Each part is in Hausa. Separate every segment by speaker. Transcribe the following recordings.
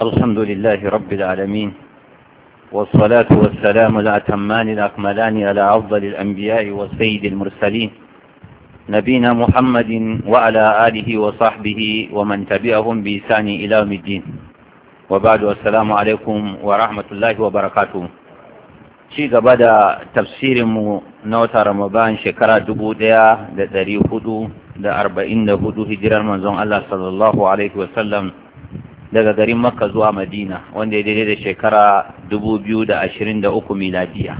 Speaker 1: الحمد لله رب العالمين والصلاة والسلام الأتمان الأكملان على أفضل الأنبياء والسيد المرسلين نبينا محمد وعلى آله وصحبه ومن تبعهم بإسان إلى يوم الدين وبعد السلام عليكم ورحمة الله وبركاته ci gaba da tafsirinmu na wata ramadan shekara dubu ɗaya da ɗari hudu da arba'in da hudu hijirar manzon Allah sallallahu alaihi wasallam daga garin makka zuwa madina wanda ya daidai da shekara 2023 miladiya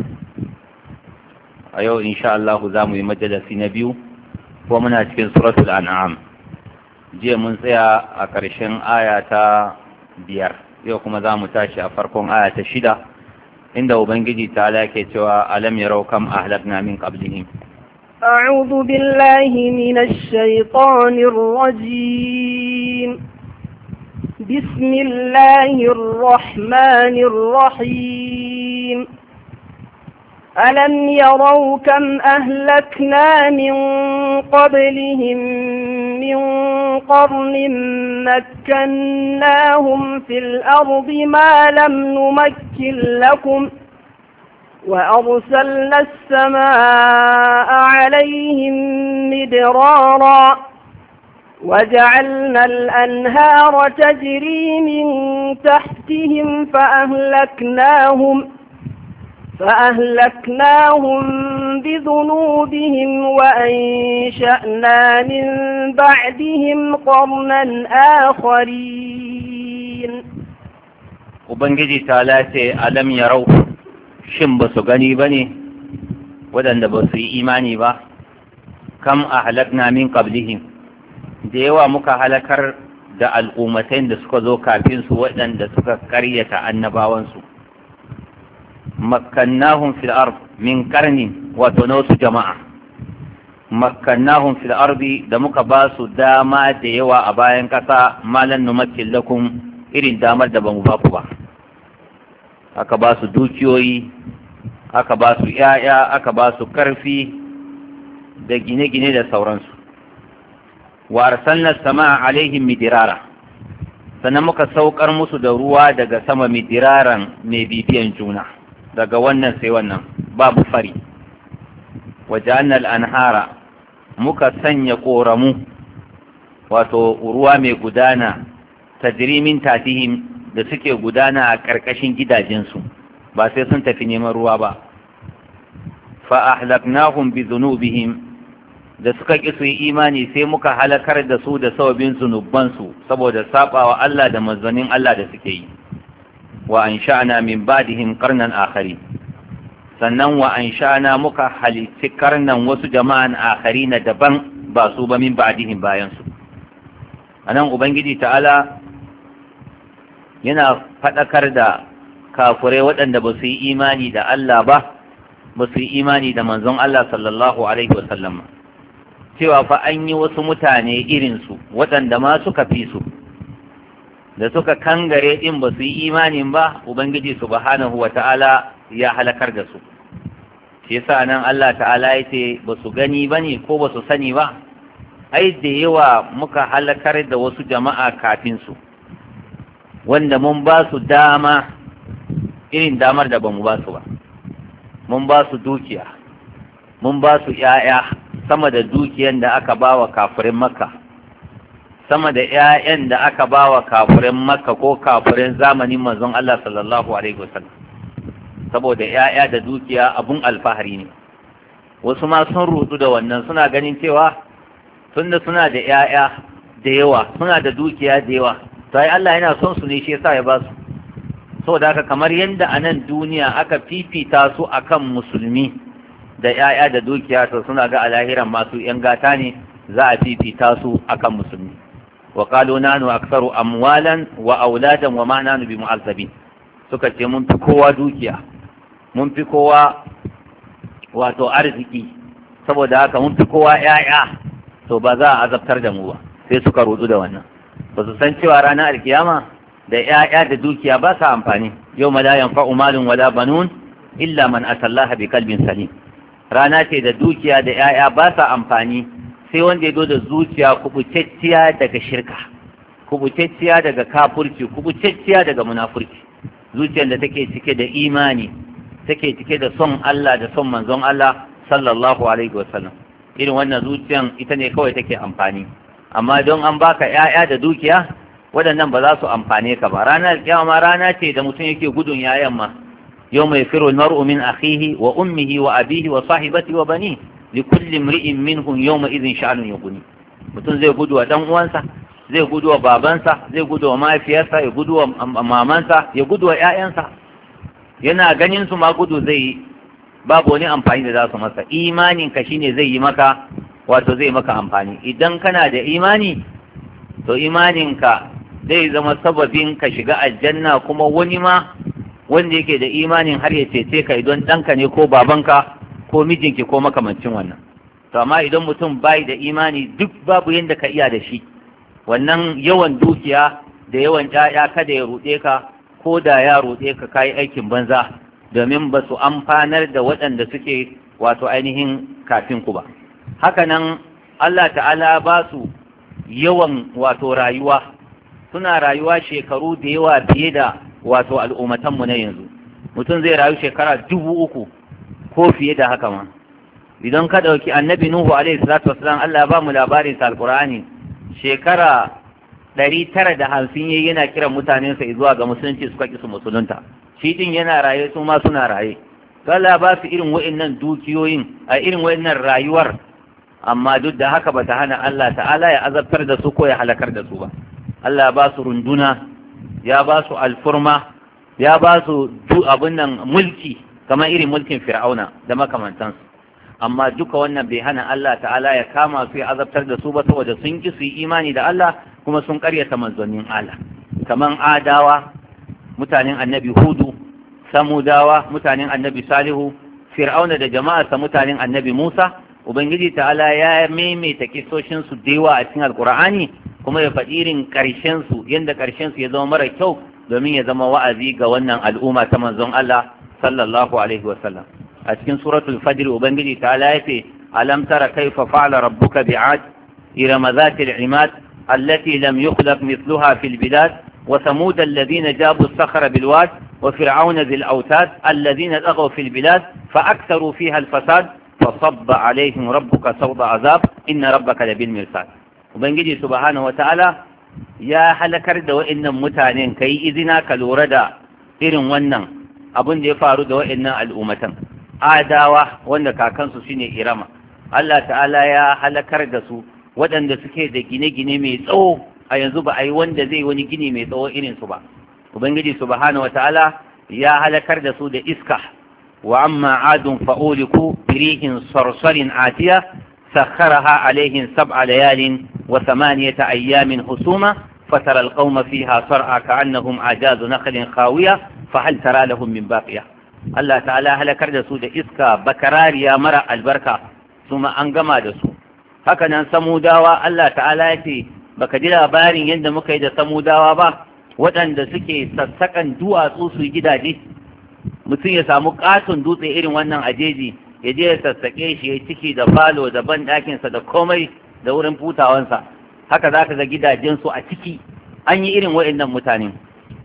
Speaker 1: a yau insha Allah za mu yi majalasi na biyu ko muna cikin suratul an'am jiya mun tsaya a ƙarshen aya ta biyar yau kuma za mu tashi a farkon aya ta shida inda ubangiji ta ke cewa alam yarau kam ahlakna min qablihim
Speaker 2: أعوذ بالله من الشيطان الرجيم بسم الله الرحمن الرحيم ألم يروا كم أهلكنا من قبلهم من قرن مكناهم في الأرض ما لم نمكن لكم وأرسلنا السماء عليهم مدرارا وجعلنا الأنهار تجري من تحتهم فأهلكناهم فأهلكناهم بذنوبهم وأنشأنا من بعدهم قرنا آخرين
Speaker 1: وبنجي ثلاثة ألم يروا شم غني بني ودن بسي إيماني با كم أهلكنا من قبلهم da yawa muka halakar da al'ummatai da suka zo kafin su waɗanda suka karyata annabawansu makkannahum fil min karni wato na wasu jama'a makkannahum fil da muka ba su dama da yawa a bayan ƙasa, malan numakkin lakum irin damar da bamu ba ku ba aka ba su dukiyoyi aka ba su 'ya'ya aka ba su karfi da gine-gine da sauransu wa arsalna samaa alaihim midirara sannan muka saukar musu da ruwa daga sama midiraran mai bibiyan juna daga wannan sai wannan babu fari wa ja'alna anhara muka sanya koramu wato ruwa mai gudana tadrimin tatihim da suke gudana a ƙarƙashin gidajensu ba sai sun tafi neman ruwa ba fa ahlaknahum bi dhunubihim da suka ƙi su yi imani sai muka halakar da su da sababin zunubansu saboda sabawa Allah da manzannin Allah da suke yi wa an sha'ana min ba'dihim qarnan akhari sannan wa an sha'ana muka halitti karnan wasu jama'an akhari na daban ba su ba min ba'dihim bayan su anan ubangiji ta'ala yana fadakar da kafurai waɗanda ba su yi imani da Allah ba ba su yi imani da manzon Allah sallallahu alaihi wasallam cewa fa an yi wasu mutane irinsu waɗanda ma suka fi su da suka kangare in ba su yi imanin ba ubangiji subhanahu wa ta'ala ya halakar da su shi yasa nan Allah ta'ala ya ce ba su gani ba ne ko ba su sani ba ai da yawa muka halakar da wasu jama'a kafin su wanda mun ba su dama irin damar da ba mu ba su ba mun ba su dukiya mun ba su ‘ya'ya sama da dukiyan da aka ba wa kafirin makka sama da 'ya'yan da aka ba wa kafirin makka ko kafirin zamanin manzon Allah sallallahu alaihi wasallam saboda 'ya'ya da dukiya abun alfahari ne wasu ma sun rutu da wannan suna ganin cewa tunda suna da 'ya'ya da yawa suna da dukiya da yawa to ai Allah yana son su ne shi yasa ya ba su saboda haka kamar yadda a nan duniya aka fifita su akan musulmi da 'ya'ya da dukiya to suna ga alahiran masu 'yan gata ne za a fifita su akan musulmi wa qalu nanu aktsaru amwalan wa auladan wa ma nanu bimu'azzabin suka ce mun fi kowa dukiya mun fi kowa wato arziki saboda haka mun fi kowa 'ya'ya to ba za a azabtar da mu ba sai suka rudu da wannan ba su san cewa ranar alkiyama da 'ya'ya da dukiya ba sa amfani yau ma la yanfa'u malun wala banun illa man atallaha bi qalbin salim rana ce da dukiya da 'ya'ya ba sa amfani sai wanda ya zo da zuciya kubutacciya daga shirka kubutacciya daga kafurci kubutacciya daga munafurci zuciyar da take cike da imani take cike da son Allah da son manzon Allah sallallahu alaihi wasallam irin wannan zuciyan ita ne kawai take amfani amma don an baka 'ya'ya da dukiya waɗannan ba za su amfane ka ba ranar ma rana ce da mutum yake gudun 'ya'yan ma يوم يفر المرء من أخيه وأمه وأبيه وصاحبته وبنيه لكل امرئ منهم يومئذ شعر يغني mutum زي gudu wa زي uwansa zai زي wa babansa zai gudu wa mahaifiyarsa ya gudu wa mamansa ya gudu wa babu wani amfani da za su masa imanin ka shine zai yi maka wato zai maka amfani idan kana da imani to imanin ka zai zama sababin ka shiga aljanna kuma wani ma wanda yake da imanin har ya cece ka idan ɗanka ne ko babanka ko mijinki ko makamancin wannan to amma idan mutum bai da imani duk babu yadda ka iya da shi wannan yawan dukiya da yawan ɗaya kada ya ruɗe ka ko da ya ruɗe ka kayi aikin banza domin ba su amfanar da waɗanda suke wato ainihin kafin ku ba haka nan Allah ta'ala ba su yawan wato rayuwa suna rayuwa shekaru da yawa fiye da wato al'ummatanmu na yanzu mutum zai rayu shekara dubu uku ko fiye da haka ma idan ka ɗauki annabi nuhu alaihi salatu wasalam Allah ba mu labarin sa alqur'ani shekara ɗari tara da hamsin yayi yana kiran mutanen sa zuwa ga musulunci suka ki su musulunta shi ɗin yana raye su ma suna raye to Allah ba su irin wa'annan dukiyoyin a irin wa'innan rayuwar amma duk da haka bata hana Allah ta'ala ya azabtar da su ko ya halakar da su ba Allah ba su runduna ya ba su alfurma ya ba su abin nan mulki kamar irin mulkin fir'auna da makamantansu amma duka wannan bai hana Allah ta'ala ya kama su ya azabtar da su ba saboda sun ki su yi imani da Allah kuma sun karyata manzonin Allah Kamar adawa mutanen annabi hudu samudawa mutanen annabi salihu fir'auna da jama'arsa mutanen annabi musa ubangiji ta'ala ya maimaita kisoshin su da yawa a cikin alkur'ani kuma ya faɗi irin ƙarshensu yadda ƙarshensu ya zama mara kyau domin ya zama wa'azi ga wannan al'umma ta manzon Allah sallallahu alaihi wasallam a cikin suratul fajr ubangiji ta lafe alam tara kaifa fa'ala rabbuka bi'ad irama zatil imad allati lam yukhlaq mithluha fil bilad wa thamud alladhina jabu as-sakhra bil wad wa fir'auna zil awtad alladhina taghaw fil bilad fa aktharu fiha al fasad fa sabba فصب عليهم ربك صوب عذاب إن ربك لبالمرصاد ubangiji subhanahu ta'ala, ya halakar da wa'innan mutanen yi izina ka lura da irin wannan abin da ya faru da wa'innan al'ummatan adawa wanda kakansu ne irama Allah ta'ala ya halakar da su waɗanda suke da gine-gine mai tsawo a yanzu ba a yi wanda zai wani gini mai tsawo irinsu ba ubangiji subhanahu ta'ala, ya halakar da su da iska wa amma adun fa'uliku birihin sarsarin atiya sakharaha alaihin sab'a layalin وثمانية أيام حسومة فترى القوم فيها صرعى كأنهم أعجاز نخل خاوية فهل ترى لهم من باقية الله تعالى halakar da su da iska bakarariya mara albarka kuma an gama da su haka nan samudawa Allah ta'ala ya ce baka ji labarin yadda muka yi da samudawa ba waɗanda suke sassakan duwatsu su gidaje mutum ya samu katon dutse irin wannan ajeji ya je ya sassaƙe shi ya ciki da falo da banɗakinsa da komai da wurin hutawansa haka za ka ga gidajensu a ciki an yi irin waɗannan mutane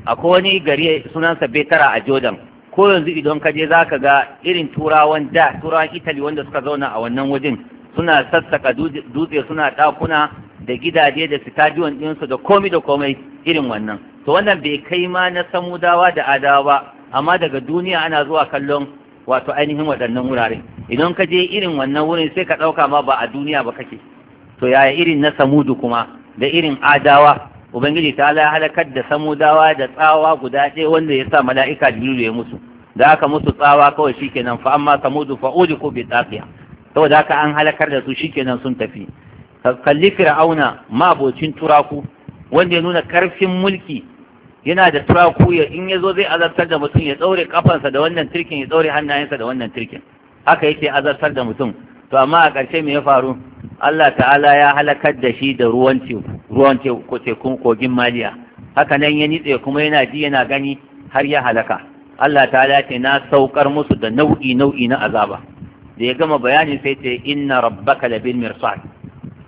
Speaker 1: akwai wani gari sunansa betara a jordan ko yanzu idan ka je za ka ga irin turawan da turawan italy wanda suka zauna a wannan wajen suna sassaka dutse suna dakuna da gidaje da sitadiyon ɗinsu da komi da komai irin wannan to wannan bai kai ma na samudawa da adawa ba amma daga duniya ana zuwa kallon wato ainihin waɗannan wurare idan ka je irin wannan wurin sai ka ɗauka ma ba a duniya ba kake to yaya irin na samudu kuma da irin adawa ubangiji ta ala halakar da samudawa da tsawa guda ɗaya wanda ya sa mala'ika jibrilu ya musu da aka musu tsawa kawai shikenan fa amma samudu fa ko bi tsafiya saboda haka an halakar da su shikenan sun tafi kalli fir'auna mabocin turaku wanda ya nuna karfin mulki yana da turaku ya in yazo zai azartar da mutum ya daure kafansa da wannan turkin ya daure hannayensa da wannan turkin haka yake azartar da mutum to amma a ƙarshe me ya faru Allah ta'ala ya halakar da shi da ruwan teku tekun kogin maliya haka nan ya nitse kuma yana ji yana gani har ya halaka Allah ta'ala ce na saukar musu da nau'i nau'i na azaba da ya gama bayani sai ce inna rabbaka labil mirsad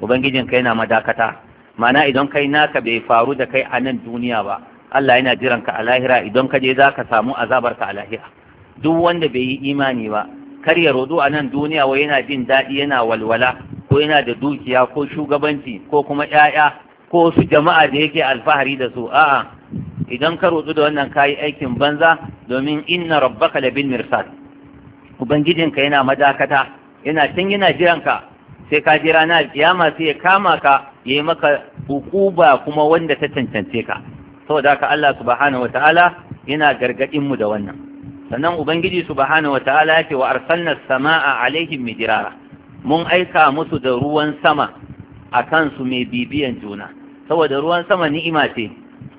Speaker 1: ubangijin kai na madakata ma'ana idan kai naka bai faru da kai a nan duniya ba Allah yana jiran ka a lahira idan ka je zaka samu azabar ka a lahira duk wanda bai yi imani ba kar ya rodo a nan duniya wai yana jin daɗi yana walwala ko yana da dukiya ko shugabanci ko kuma ‘ya'ya ko su jama'a da yake alfahari da su a'a idan ka rotu da wannan kayi aikin banza domin inna rabbaka da bin mirsad ubangijinka yana madakata yana can yana jiranka sai ka jira na kiyama sai ya kama ka yayi maka hukuba kuma wanda ta cancance ka saboda haka Allah subhanahu wataala yana gargadin mu da wannan sannan ubangiji subhanahu wataala ce wa arsalna samaa alaihim midrara mun aika musu da ruwan sama a kansu mai bibiyan juna saboda ruwan sama ni'ima ce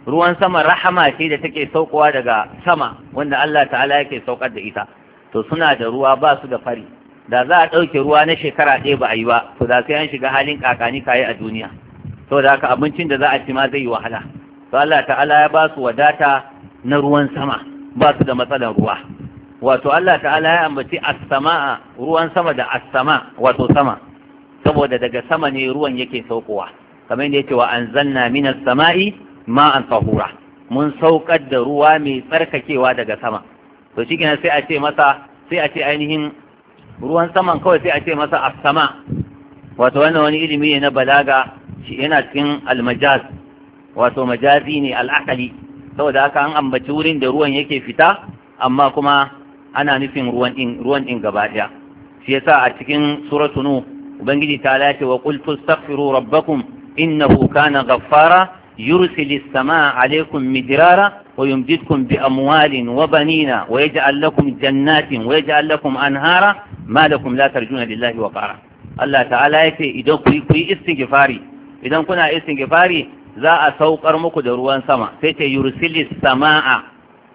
Speaker 1: ruwan sama rahama ce da take saukowa daga sama wanda Allah ta'ala yake saukar da ita to suna da ruwa ba su da fari da za a ɗauke ruwa na shekara ɗaya ba a yi ba to da sai an shiga halin kakani kayi a duniya saboda haka abincin da za a ci ma zai yi wahala to Allah ta'ala ya ba su wadata na ruwan sama ba su da matsalar ruwa wato Allah ta'ala ya ambaci as-samaa ruwan sama da as-sama wato sama saboda daga sama ne ruwan yake saukowa kamar yadda yake wa anzalna minas sama'i ma'an tahura mun saukar da ruwa mai tsarkakewa daga sama to shikenan sai a ce masa sai a ce ainihin ruwan saman kawai sai a ce masa as-sama wato wannan wani ilimi ne na balaga shi yana cikin almajaz wato majazi ne al'akali saboda haka an ambaci wurin da ruwan yake fita amma kuma ana nufin ruwan din ruwan din gaba ɗaya shi yasa a cikin suratu nu ubangiji ta lace wa qultu astaghfiru rabbakum innahu kana ghaffara yursilu as-samaa alaykum midrara wa yumditkum bi amwalin wa banina wa yaj'al lakum jannatin wa yaj'al lakum anhara ma lakum la tarjuna lillahi wa qara Allah ta'ala yace idan ku ku idan kuna istighfari za a saukar muku da ruwan sama sai ta yursilu as-samaa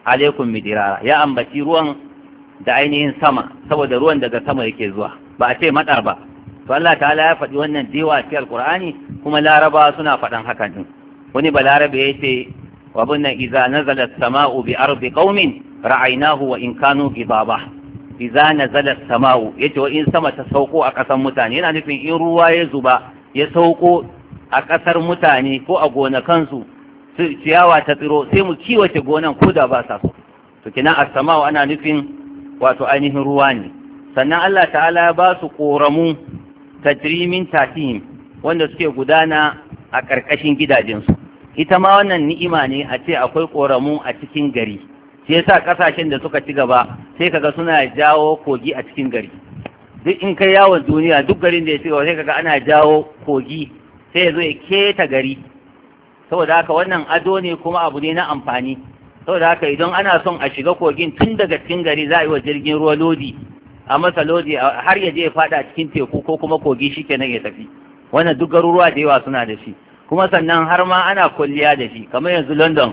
Speaker 1: alaykum midrara ya ambaci ruwan da ainihin sama saboda ruwan daga sama yake zuwa ba a ce matsar ba to Allah ta'ala ya faɗi wannan diwa a alkur'ani kuma laraba suna faɗan haka din wani balarabe ya ce wa bunna idza nazala as-sama'u bi ardi qaumin ra'aynahu wa in kanu gibaba idza nazala as-sama'u yace wa in sama ta sauko a ƙasar mutane yana nufin in ruwa ya zuba ya sauko a ƙasar mutane ko a gonakansu ciyawa ta tsiro sai mu kiwace gonan ko da ba sa so to kina as-sama'u ana nufin wato ainihin ruwa ne sannan Allah ta'ala ya ba su ƙoramu tajrimin tatim wanda suke gudana a ƙarƙashin gidajensu ita ma wannan ni'ima ne a ce akwai ƙoramu a cikin gari shi yasa ƙasashen da suka ci gaba sai kaga suna jawo kogi a cikin gari duk in kai yawon duniya duk garin da ya ci sai kaga ana jawo kogi sai ya zo ya keta gari saboda haka wannan ado ne kuma abu ne na amfani saboda haka idan ana son a shiga kogin tun daga cikin gari za a yi wa jirgin ruwa lodi a masa lodi har ya je ya fada cikin teku ko kuma kogi shi nan ya tafi wannan duk garuruwa da yawa suna da shi kuma sannan har ma ana kwalliya da shi kamar yanzu london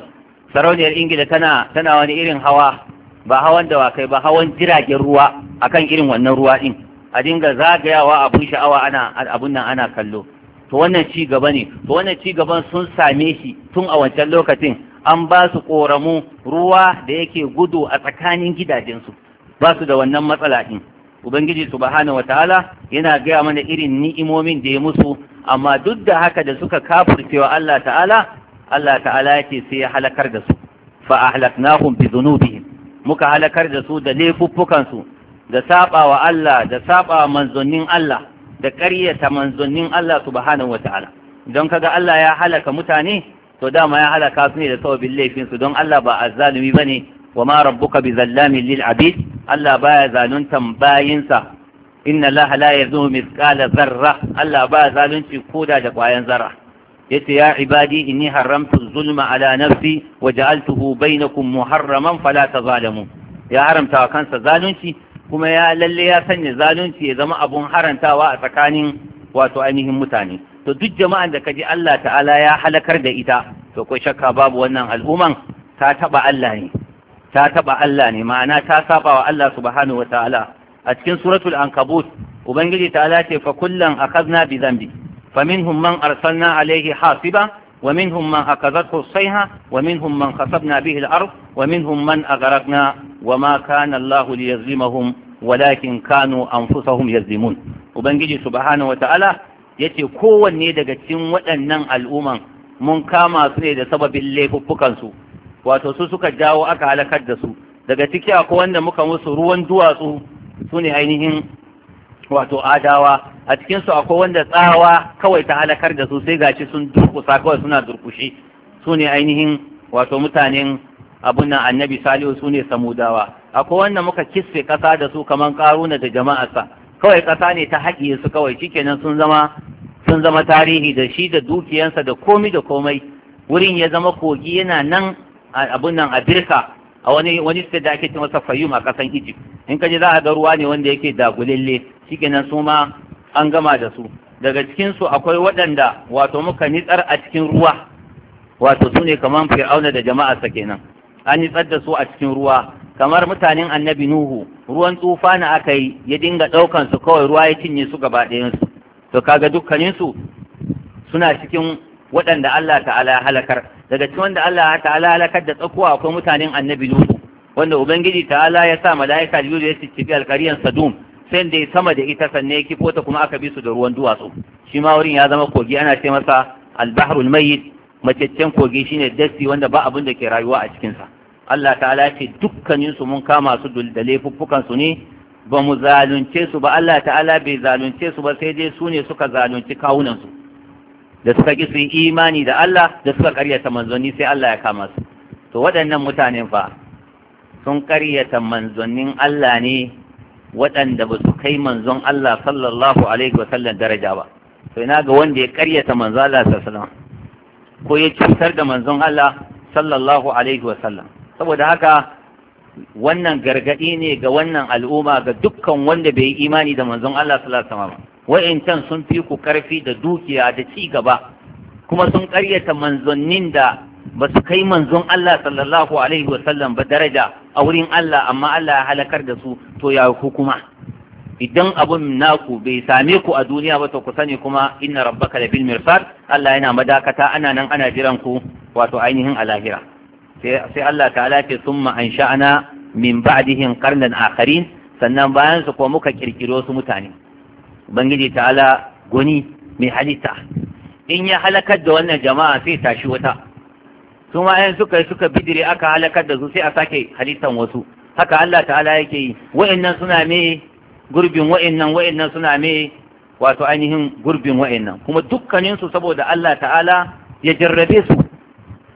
Speaker 1: sarauniyar ingila tana tana wani irin hawa ba hawan dawakai ba hawan jiragen ruwa akan irin wannan ruwa din a dinga zagayawa abun sha'awa ana abun nan ana kallo to wannan ci gaba ne to wannan ci gaban sun same shi tun a wancan lokacin an ba su ƙoramu ruwa da yake gudu a tsakanin gidajensu ba su da wannan matsala ɗin ubangiji subhanahu wataala yana gaya mana irin ni'imomin da ya musu amma duk da haka da suka kafurcewa Allah ta'ala Allah ta'ala yake sai ya halakar da su fa ahlaknahum bi dhunubihim muka halakar da su da laifuffukansu su da wa Allah da saba manzonin Allah da ƙaryata manzonin Allah subhanahu wataala don kaga Allah ya halaka mutane to dama ya halaka su ne da sababin laifinsu don Allah ba ba ne wa ma rabbuka bi zallamin lil abid Allah baya zaluntan bayinsa inna Allah la yazlimu mithqala zarra Allah baya zalunci koda da kwayan zarra yace ya ibadi inni haramtu zulma ala nafsi wa ja'altuhu bainakum muharraman fala tazalamu ya haramta wa kansa zalunci kuma ya lalle ya sanya zalunci ya zama abun harantawa a tsakanin wato ainihin mutane to duk jama'an da ka ji Allah ta'ala ya halakar da ita to kai shakka babu wannan al'umman ta taba Allah ne ma'ana ta saba wa Allah subhanahu wata'ala a cikin suratul ankabut ubangiji ta'ala ce fa kullan akhadna bi dhanbi fa minhum man arsalna alayhi hasiba wa minhum man akhadathu sayha wa minhum man khasabna bihi al-ard wa minhum man aghraqna wa ma kana Allah liyazlimahum walakin kanu anfusahum yazlimun ubangiji subhanahu wata'ala Ya ce kowanne daga cikin waɗannan al'umman mun kama su ne da sababin laifuffukansu, wato su suka jawo aka halakar da su daga ciki akwai wanda muka musu ruwan duwatsu su ne ainihin wato adawa a cikin su akwai wanda tsawa kawai ta halakar da su sai gashi sun durkusa kawai suna durkushi su ne ainihin wato mutanen abun nan annabi salihu su ne samudawa akwai wanda muka kisfe kasa da su kamar karuna da jama'arsa kawai kasa ne ta haƙiye su kawai shikenan sun zama sun zama tarihi da shi da dukiyansa da komi da komai wurin ya zama kogi yana nan abun nan a birka a wani wani state da ake cewa safayum a kasan Egypt in ka ji za a ga ruwa ne wanda yake dagulille shikenan su ma an gama da su daga cikin su akwai waɗanda wato muka nitsar a cikin ruwa wato sune kamar fir'auna da jama'a sa kenan an nitsar da su a cikin ruwa kamar mutanen annabi nuhu ruwan tsufa na aka yi ya dinga ɗaukan su kawai ruwa ya cinye su gaba ɗayan su to ga dukkaninsu suna cikin waɗanda Allah ta'ala ya halakar daga cikin wanda Allah ta'ala halakar da tsakuwa akwai mutanen annabi Nuhu wanda ubangiji ta'ala ya sa mala'ika biyu da ya ciccibi alkariyar Sadum sai da ya sama da ita sanne yake ko ta kuma aka bi su da ruwan duwatsu shi ma wurin ya zama kogi ana ce masa al-dharu albahrul mayyit macaccen kogi shine dasti wanda ba abin da ke rayuwa a cikinsa Allah ta'ala ya ce dukkaninsu mun kama su da laifuffukan su ne ba mu zalunce su ba Allah ta'ala bai zalunce su ba sai dai su ne suka zalunci kawunansu da suka ƙi su yi imani da Allah da suka ƙaryata manzanni sai Allah ya kama su to waɗannan mutanen fa sun ƙaryata manzannin Allah ne waɗanda ba su kai manzon Allah sallallahu alaihi wasallam daraja ba to ina ga wanda ya ƙaryata manzon Allah sallallahu alaihi ko ya cutar da manzon Allah sallallahu alaihi wasallam saboda haka wannan gargaɗi ne ga wannan al'umma ga dukkan wanda bai yi imani da manzon Allah sallallahu alaihi wasallam sun fi ku karfi da dukiya da ci gaba kuma sun ƙaryata manzonnin da ba su kai manzon Allah sallallahu alaihi wasallam ba daraja a wurin Allah amma Allah ya halakar da su to ya hukuma. kuma idan abun naku bai same ku a duniya ba to ku sani kuma inna rabbaka labil mirsad Allah yana madakata ana nan ana jiran ku wato ainihin a lahira sai Allah ta'ala ce summa ansha'na min ba'dihim qarnan akharin sannan bayan su ko muka kirkiro su mutane ubangiji ta'ala goni mai halitta in ya halakar da wannan jama'a sai tashi wata su ma yan suka suka bidire aka halakar da su sai a sake halittan wasu haka Allah ta'ala yake yi wa'annan suna me gurbin wa'annan wa'annan suna me wato ainihin gurbin wa'annan kuma dukkanin su saboda Allah ta'ala ya jarrabe su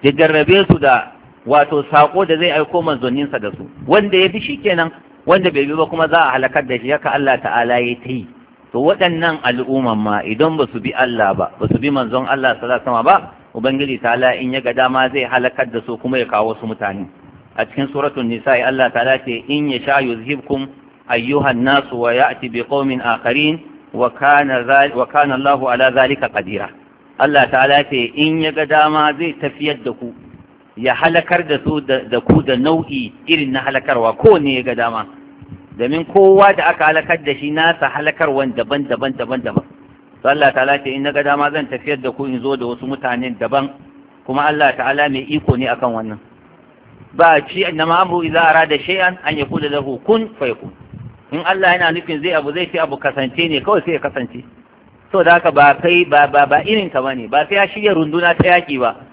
Speaker 1: ya jarrabe su da wato sako da zai aiko manzoninsa da su wanda ya bi kenan, wanda bai bi ba kuma za a halakar da shi haka Allah ta'ala ya ta yi to waɗannan al'umman ma idan ba su bi Allah ba ba su bi manzon Allah sallallahu alaihi ba ubangiji ta'ala in ya ga dama zai halakar da su kuma ya kawo wasu mutane a cikin suratul nisa Allah ta'ala ce in ya sha yuzhibkum ayyuhan nasu wa ya'ti bi qaumin akharin wa kana wa kana Allahu ala zalika qadira Allah ta'ala ce in ya ga dama zai tafiyar da ku ya halakar da su da ku da nau'i irin na halakarwa ko ya ga dama domin kowa da aka halakar da shi nasa halakarwan daban daban daban daban Allah ta'ala ce in na ga dama zan tafiyar da ku in zo da wasu mutanen daban kuma Allah ta'ala mai iko ne akan wannan ba ci na ma'amru idza da shay'an an yakuna da kun ku. in Allah yana nufin zai abu zai fi abu kasance ne kawai sai ya kasance so da haka ba kai ba ba ba irin ka bane ba sai ya shirya runduna ta yaki ba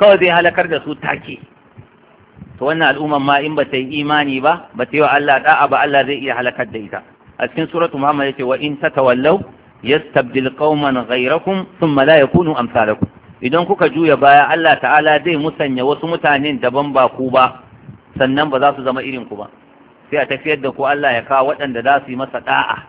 Speaker 1: kawai zai halakar da su take to wannan al'umman ma in ba ta yi imani ba ba ta yi wa Allah da'a ba Allah zai iya halakar da ita a cikin suratu Muhammad yace wa in tatawallaw yastabdil qauman ghayrakum thumma la yakunu amsalakum idan kuka juya baya Allah ta'ala zai musanya wasu mutanen daban ba ku ba sannan ba za su zama irin ku ba sai a tafiyar da ku Allah ya kawo waɗanda za su yi masa da'a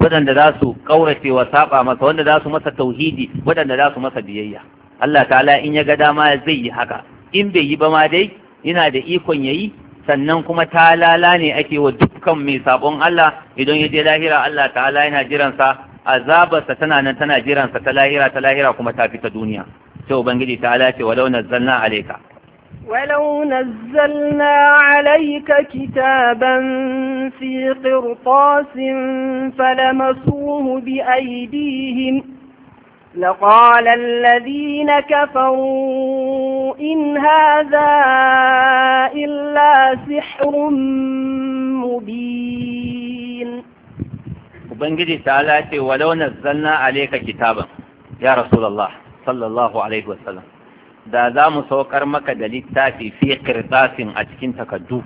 Speaker 1: waɗanda za su kaurace wa saba masa wanda za su masa tauhidi waɗanda za su masa biyayya Allah ta'ala in ya ga dama zai yi haka in bai yi ba ma dai yana da ikon ya yi sannan kuma talala ne ake wa dukkan mai sabon Allah idan ya je lahira Allah ta'ala yana jiransa azabarsa tana nan tana jiransa ta lahira ta lahira kuma ta fita duniya sai ubangiji ta'ala ce walau nazzalna alayka
Speaker 2: ولو نزلنا عليك كتابا في قرطاس فلمسوه بأيديهم لقال الذين كفروا إن هذا إلا سحر مبين
Speaker 1: وبنجي تعالى ولو نزلنا عليك كتابا يا رسول الله صلى الله عليه وسلم da za mu saukar maka da littafi fi kirtasin a cikin takaddu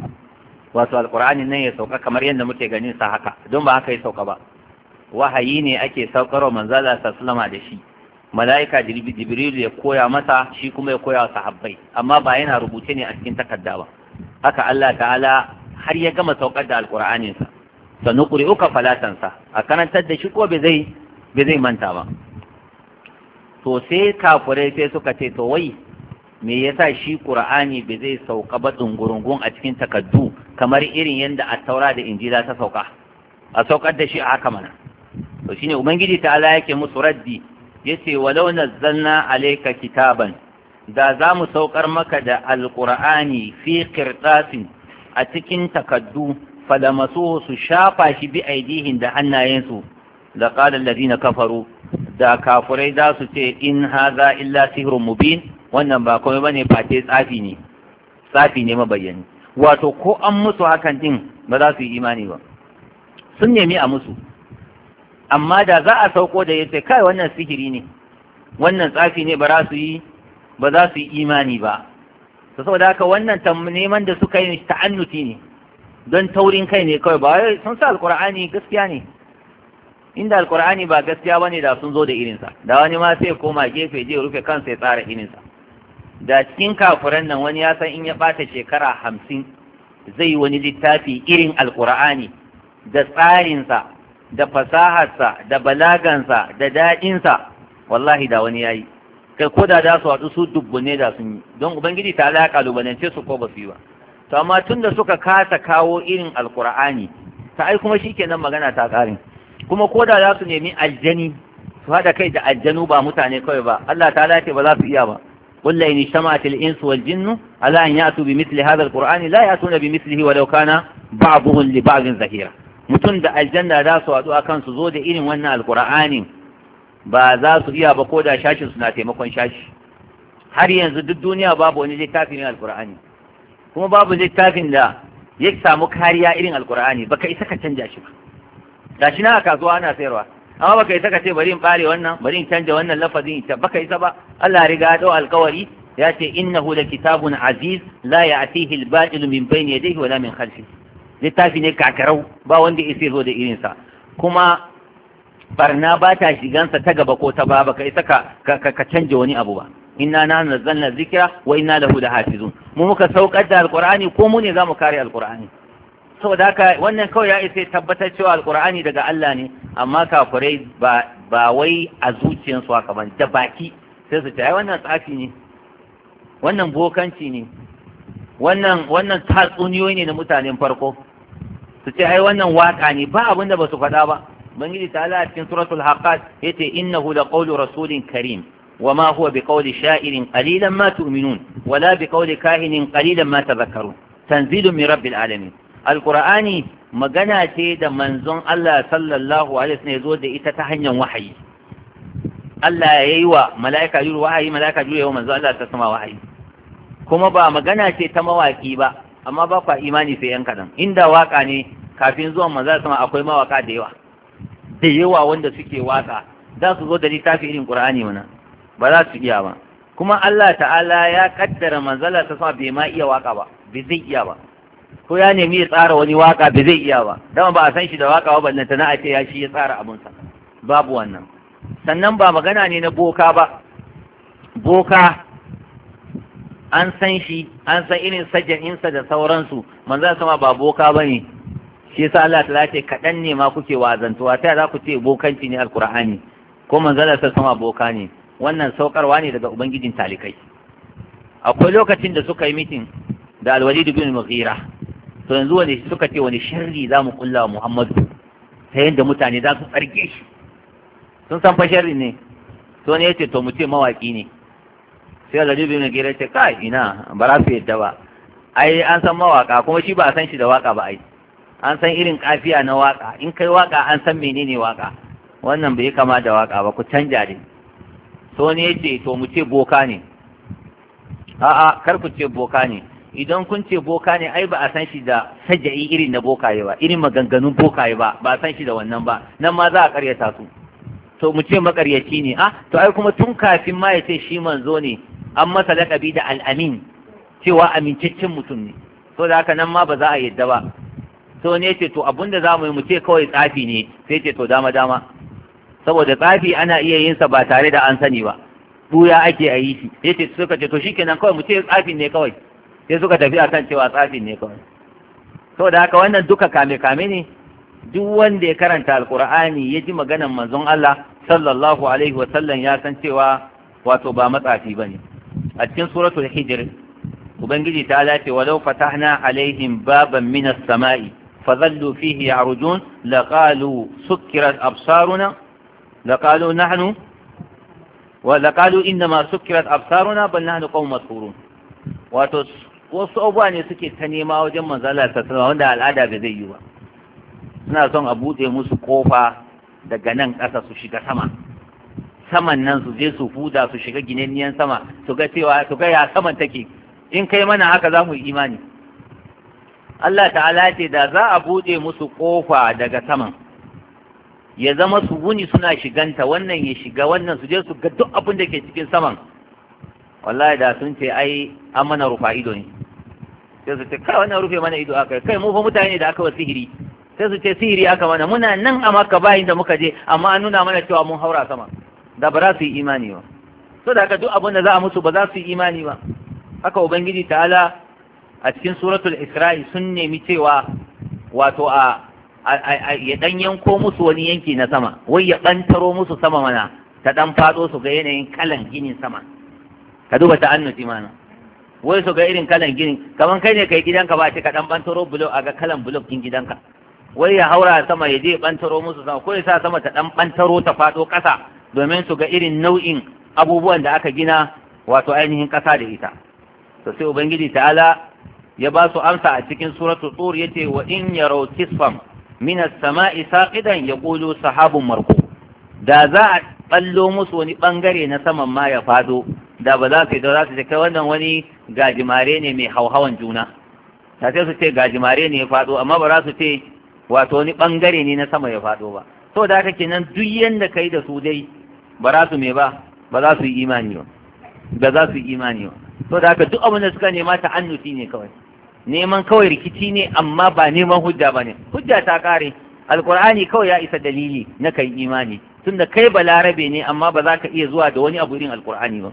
Speaker 1: wato alkur'ani nan ya sauka kamar yadda muke ganin sa haka don ba haka ya sauka ba wahayi ne ake saukarwa manzala sallama da shi mala'ika jibrilu ya koya masa shi kuma ya koya wa sahabbai amma ba yana rubuce ne a cikin takarda ba haka Allah ta'ala har ya gama saukar da alqur'anin sa sanu qur'uka falatan sa a karantar da shi ko bai zai bai zai manta ba to sai kafirai sai suka ce to wai me yasa shi qur'ani bai zai sauka ba dungurungun a cikin takaddu kamar irin yadda at-taura da injila ta sauka a saukar da shi a haka mana to shine ubangiji ta'ala yake musu raddi yace walau nazzalna alaika kitaban da za mu saukar maka da alkur'ani fi qirtasin a cikin takaddu falamasuhu su shafa shi bi aidihin da hannayensu da qala alladhina kafaru da kafurai za su ce in haza illa sihrun mubin wannan ba komai bane face tsafi ne tsafi ne mabayani wato ko an musu hakan din ba za su yi imani ba sun nemi a musu amma da za a sauko da yace kai wannan sihiri ne wannan tsafi ne ba za su yi ba za su yi imani ba to saboda haka wannan neman da suka yi ta'annuti ne don taurin kai ne kawai ba sun sa alqur'ani gaskiya ne inda alqur'ani ba gaskiya bane da sun zo da irinsa da wani ma sai koma gefe je rufe kansa ya tsara irinsa da cikin kafuran nan wani ya san in ya bata shekara hamsin zai yi wani littafi irin alkur'ani da tsarinsa da fasaharsa da balagansa da daɗinsa wallahi da wani yayi kai ko da da su haɗu su dubbune da sun yi don ubangiji ta ala kalubalance su ko ba su yi ba to amma tun da suka kasa kawo irin alkur'ani ta ai kuma shikenan magana ta ƙarin kuma ko da za su nemi aljani su haɗa kai da aljanu ba mutane kawai ba Allah ta ala ce ba za su iya ba قل إن اجتمعت الإنس والجن على أن يأتوا بمثل هذا القرآن لا يأتون بمثله ولو كان بعضهم لبعض ظهيرا mutum da aljanna za su watsu akan su zo da irin wannan alkur'anin ba za su iya ba ko da shashin suna taimakon shashi har yanzu duk duniya babu wani littafi ne alkur'ani kuma babu littafin da ya samu kariya irin alkur'ani baka isa ka canja shi ba shi na a kasuwa ana sayarwa amma baka isa ka ce bari in bare wannan bari in canja wannan lafazin ita baka isa ba Allah ya riga ya dau alkawari ya ce innahu la kitabun aziz la ya'tihi al-batil min bayni yadayhi wala min khalfihi littafi ne kakarau ba wanda ya iso da irinsa kuma barna ba ta shigansa ta gaba ko ta ba kai saka ka ka canje wani abu ba inna na nazzalna zikra wa inna lahu hafizun mu muka saukar da alqur'ani ko mu ne zamu kare alqur'ani saboda haka wannan kawai ya isa tabbatar cewa alqur'ani daga Allah ne amma kafirai ba ba wai a zuciyarsu haka ban da baki sai su ce ai wannan tsafi ne wannan bokanci ne wannan wannan tatsuniyoyi ne na mutanen farko su ce ai wannan waka ne ba abin da ba su faɗa ba ubangiji ta ala cikin suratul haqqat yace innahu laqawlu rasulin karim وما هو بقول شاعر قليلا ما تؤمنون ولا بقول كاهن قليلا ما تذكرون تنزيل من رب العالمين القرآن magana ce da manzon Allah sallallahu alaihi wasallam yazo da ita ta hanyar wahayi Allah ya yi wa mala'ika jiru wahayi mala'ika juru yayi manzon Allah ta sama wahayi kuma ba magana ce ta mawaki ba amma ba kwa imani sai yan kaɗan inda waka ne kafin zuwan manzo sama akwai mawaka da yawa da yawa wanda suke waka za su zo da littafi irin qur'ani mana ba za su iya ba kuma Allah ta'ala ya kaddara manzala ta sama bai ma iya waka ba bai zai iya ba ko ya nemi ya tsara wani waka bai zai iya ba dama ba a san shi da waka ba ballan tana a ce ya shi ya tsara abun sa babu wannan sannan ba magana ne na boka ba boka an san shi an san irin insa da sauransu man su sama ba boka ba ne shi yasa Allah ta ce kaɗan ne ma kuke wazantuwa ta za ku ce bokanci ne alkur'ani ko manzan sa sama boka ne wannan saukarwa ne daga ubangijin talikai akwai lokacin da suka yi mitin da alwalid bin mughira to yanzu wani suka ce wani sharri za mu kulla wa muhammadu ta yadda mutane za su tsarge shi sun san fa sharri ne to ne yace to mu ce mawaki ne sai alhaji bin gira ce kai ina ba za su yadda ba ai an san mawaka kuma shi ba a san shi da waka ba ai an san irin kafiya na waka in kai waka an san menene waka wannan bai kama da waka ba ku canja ne so ne yace to mu ce boka ne a'a kar ku ce boka ne idan kun ce boka ne ai ba a san shi da saja'i irin na bokaye ba irin maganganun bokaye ba ba a san shi da wannan ba nan ma za a karyata su to mu ce makaryaci ne a ah, to ai kuma tun kafin ma ya ce shi manzo ne an masa laƙabi da al'amin cewa amincaccen mutum ne so da haka nan ma ba za a yadda ba so ne ce to abin da za mu yi mu ce kawai tsafi ne sai ce to dama dama saboda tsafi ana iya yin sa ba tare da an sani ba buya ake a yi shi sai ce suka ce to shikenan kawai mu ce tsafi ne kawai sai suka tafi akan cewa tsafi ne kawai da haka wannan duka kame kame ne duk wanda ya karanta alqur'ani ya ji maganar manzon Allah sallallahu alaihi wa sallam ya san cewa wato ba matsafi bane أتكن سورة الحجر وبنجي تعالى ولو فتحنا عليهم بابا من السماء فظلوا فيه يعرجون لقالوا سكرت أبصارنا لقالوا نحن ولقالوا إنما سكرت أبصارنا بل نحن قوم مسهورون wasu abuwa ne suke ta nema wajen manzala ta sama wanda al'ada da zai yi ba suna saman nan su je su huda su shiga ginenniyan sama su ga cewa su ga ya saman take in kai mana haka za mu yi imani Allah ta'ala ce da za a bude musu kofa daga saman ya zama su wuni suna shiganta wannan ya shiga wannan su je su ga duk abin da ke cikin saman wallahi da sun ce ai an mana rufa ido ne sai su ce kai wannan rufe mana ido aka kai mu fa mutane da aka wa sihiri sai su ce sihiri aka mana muna nan a maka bayin da muka je amma an nuna mana cewa mun haura sama da ba za su yi imani ba so da haka duk abin da za a musu ba za su yi imani ba haka ubangiji ta'ala a cikin suratul isra'i sun nemi cewa wato a ya dan yanko musu wani yanki na sama wai ya kantaro musu sama mana ta dan fado su ga yanayin kalan ginin sama ka duba ta annuti mana wai su ga irin kalan ginin kaman kai ne kai gidanka ba ce ka dan bantaro bulo a ga kalan bulo din gidanka wai ya haura sama ya je bantaro musu sama ko ya sa sama ta dan bantaro ta fado kasa domin su ga irin nau'in abubuwan da aka gina wato ainihin ƙasa da ita to sai ubangiji ta'ala ya ba su amsa a cikin suratul tur yace wa in yaraw kisfam min as-sama'i saqidan yaqulu sahabun marku da za a ballo musu wani bangare na saman ma ya fado da ba za su yi da za su ce kai wannan wani gajimare ne mai hauhawan juna ta sai su ce gajimare ne ya fado amma ba za su ce wato wani bangare ne na sama ya fado ba to da haka kenan duk yanda kai da su dai ba za su me ba ba za su yi imani ba ba za su yi imani ba to da haka duk abin da suka nema ta annuti ne kawai neman kawai rikici ne amma ba neman hujja ba ne hujja ta kare alkur'ani kawai ya isa dalili na kai imani tunda kai balarabe ne amma ba za ka iya zuwa da wani abu irin alkur'ani ba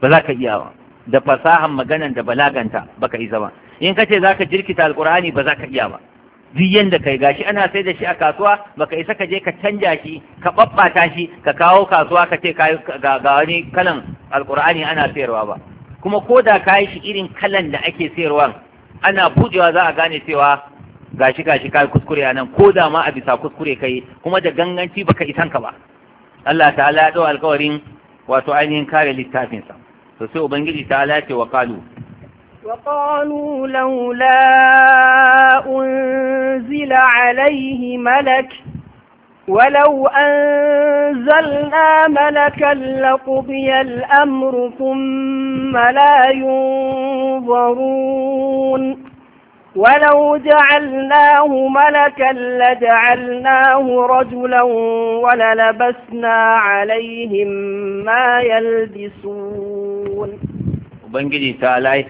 Speaker 1: ba za ka iya ba da fasahan maganan da balaganta baka isa ba in kace za ka jirkita alkur'ani ba za ka iya ba duk da kai gashi ana sai da shi a kasuwa baka isa ka je ka canja shi ka babbata shi ka kawo kasuwa ka ce ga wani kalan alkur'ani ana sayarwa ba kuma ko da ka yi shi irin kalan da ake sayarwa ana buɗewa za a gane cewa gashi gashi kai kuskure anan nan ko da ma a bisa kuskure kai kuma da ganganci baka isan ka ba Allah ta'ala ya dau alƙawarin wato ainihin kare littafinsa to sai ubangiji ta'ala ya ce wa qalu
Speaker 2: وقالوا لولا أنزل عليه ملك ولو أنزلنا ملكا لقضي الأمر ثم لا ينظرون ولو جعلناه ملكا لجعلناه رجلا وللبسنا عليهم ما يلبسون
Speaker 1: وبنجي تعالى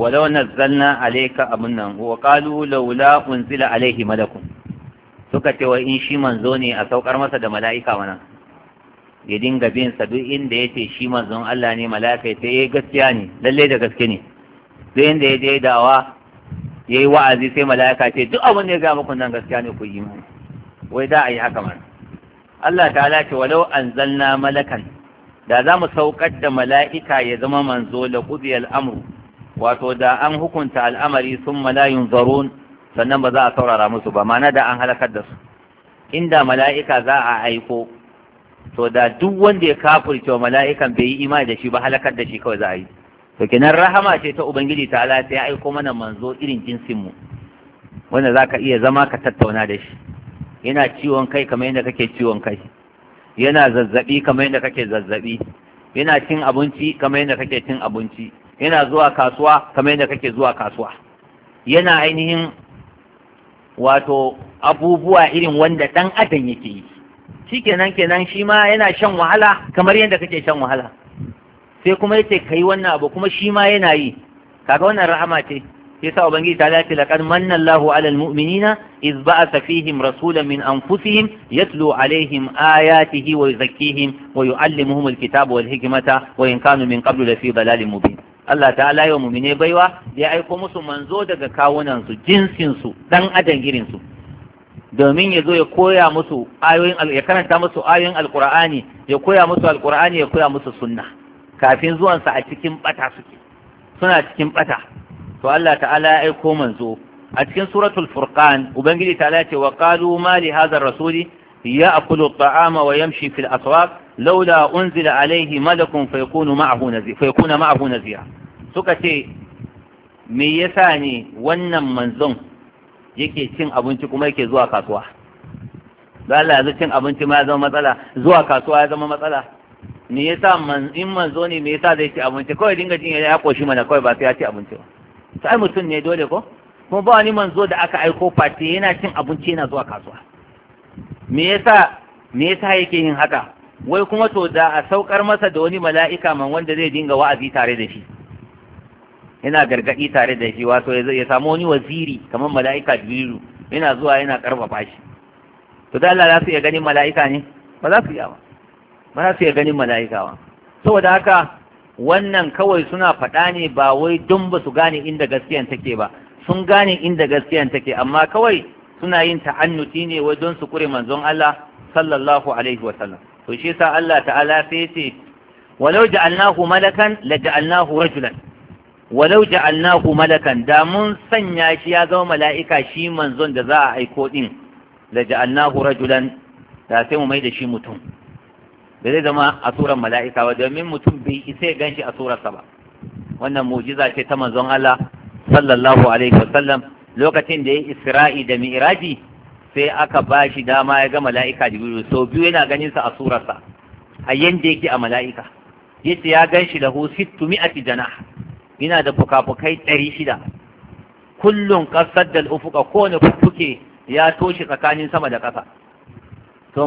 Speaker 1: ولو نزلنا عليك abun nan wa qalu laula unzila alayhi suka ce wa in shi manzo ne a saukar masa da mala'ika wannan ya dinga bin sa duk inda ce shi manzon Allah ne mala'ika ya ce gaskiya ne lalle da gaske ne duk inda ya je dawa yayi wa'azi sai mala'ika ce duk abin da ya ga muku nan gaskiya ne ku yi imani wai da yi haka mana Allah ta'ala ce walau anzalna malakan da za mu saukar da mala'ika ya zama manzo la qudiyal amru wato da an hukunta al'amari sun malayin zarun sannan ba za a saurara musu ba mana da an halakar da su inda mala'ika za a aiko to da duk wanda ya kafurce wa mala'ikan bai yi imani da shi ba halakar da shi kawai za a yi to kenan rahama ce ta ubangiji ta ala sai aiko mana manzo irin jinsin mu wanda za ka iya zama ka tattauna da shi yana ciwon kai kamar yadda kake ciwon kai yana zazzabi kamar yadda kake zazzabi yana cin abinci kamar yadda kake cin abinci yana zuwa kasuwa kamar yadda kake zuwa kasuwa yana ainihin wato abubuwa irin wanda ɗan adam yake yi shi kenan kenan shi ma yana shan wahala kamar yadda kake shan wahala sai kuma yace kai wannan abu kuma shi ma yana yi kaga wannan rahama ce yasa ubangiji ta lati laqad manna Allahu 'alal mu'minina iz ba'atha fihim rasulan min anfusihim yatlu 'alayhim ayatihi wa yuzakkihim wa yu'allimuhum alkitaba wal hikmata wa in kanu min qablu lafi dalalin mubin Allah ta'ala yau mumine baiwa ya aiko musu manzo daga kawunansu jinsinsu dan adam irinsu domin ya zo ya koya musu ayoyin ya karanta musu ayoyin alqur'ani ya koya musu alqur'ani ya koya musu sunna kafin zuwansa a cikin bata suke suna cikin bata to Allah ta'ala ya aiko manzo a cikin suratul furqan ubangiji ta'ala ya ce wa qalu ma li hadha rasuli يأكل الطعام ويمشي في الأسواق لولا أنزل عليه ملك فيكون معه نذير فيكون معه نذيرا سكتي me yasa ne wannan manzon yake cin abinci kuma yake zuwa kasuwa da Allah yanzu cin abinci ma ya zama matsala zuwa kasuwa ya zama matsala me yasa in manzo ne me yasa zai ci abinci kawai dinga cin ya koshi mana kawai ba ya ci abinci ba sai mutum ne dole ko kuma ba wani manzo da aka aiko fati yana cin abinci yana zuwa kasuwa me yasa me yasa yake yin haka wai kuma to da a saukar masa da wani mala'ika man wanda zai dinga wa'azi tare da shi yana gargadi tare da shi wato ya samu wani waziri kamar mala'ika jibrilu yana zuwa yana karfafa shi to da Allah za su iya ganin mala'ika ne ba za su iya ba ba za su iya ganin mala'ika ba saboda haka wannan kawai suna faɗa ne ba wai don ba su gane inda gaskiyan take ba sun gane inda gaskiyan take amma kawai suna yin ta'annuti ne wai don su kure manzon Allah sallallahu alaihi wa sallam to shi yasa Allah ta'ala sai ya ce walau ja'alnahu malakan la ja'alnahu rajulan walau ja'alnahu malakan da mun sanya shi ya zama mala'ika shi manzon da za a aiko din la ja'alnahu rajulan da sai mu mai da shi mutum da zai zama a suran mala'ika ba domin mutum bai isa ya ganshi a surarsa ba wannan mujiza ce ta manzon Allah sallallahu alaihi wasallam lokacin da ya isra'i da mi'raji sai aka ba shi dama ya ga mala'ika biyu-biyu. sau biyu yana ganin sa a surarsa a yanda yake a mala'ika yace ya gan shi lahu sittu mi'ati janah yana da fukafukai ɗari shida kullum ƙasar da ufuka kowane fuke ya toshe tsakanin sama da ƙasa to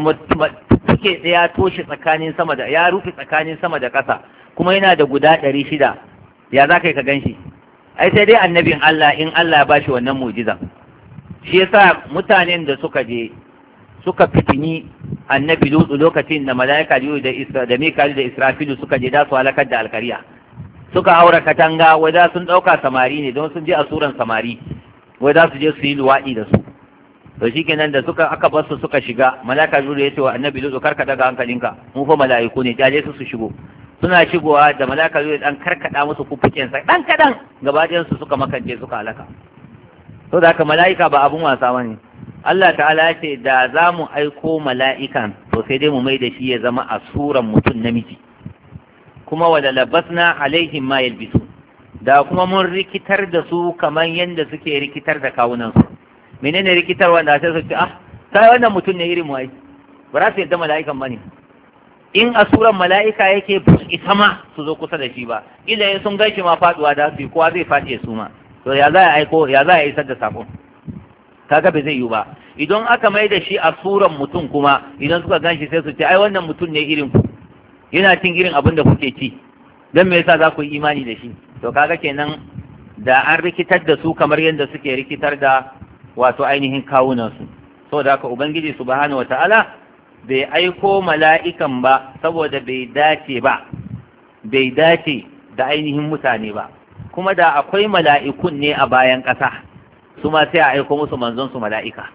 Speaker 1: fuke ya toshe tsakanin sama da ya rufe tsakanin sama da ƙasa kuma yana da guda ɗari shida ya za ka yi ka gan shi ai sai dai annabin Allah in Allah ba shi wannan mu'jizan shi yasa mutanen da suka je suka fitini annabi lutsu lokacin da malaika da isra da mikali da israfilu suka je da su halakar da alkariya suka haura katanga wai za sun dauka samari ne don sun je a suran samari wai za su je su yi luwaɗi da su to shikenan da suka aka bar su suka shiga malaika lutsu ya ce wa annabi lutsu karka daga hankalinka mu fa mala'iku ne jaje su su shigo suna shigowa da malaka zai dan karkada musu kuffuken sa dan kadan gabaɗayan su suka makance suka halaka to da haka mala'ika ba abun wasa bane Allah ta'ala ya ce da za mu aiko mala'ikan to sai dai mu mai da shi ya zama a suran mutum namiji kuma wada labasna alaihim ma yalbisu da kuma mun rikitar da su kamar yadda suke rikitar da kawunan su menene rikitar wanda sai su ce ah sai wannan mutum ne irin mu ai ba za su yadda mala'ikan bane in a suran mala'ika yake ba su su zo kusa da shi ba ila yi sun gaishe ma faduwa da su kowa zai fashe su ma to ya za a aiko ya za a isar da sakon kaga ba zai yi ba idan aka mai da shi a suran mutum kuma idan suka ganshi sai su ce ai wannan mutum ne irin ku yana cin irin abin da kuke ci don me yasa za ku yi imani da shi to kaga kenan da an rikitar da su kamar yadda suke rikitar da wato ainihin su, saboda haka ubangiji subhanahu wataala bai aiko mala'ikan ba saboda bai dace ba bai dace da ainihin mutane ba kuma da akwai mala'ikun ne a bayan ƙasa su ma sai a aiko musu manzonsu mala'ika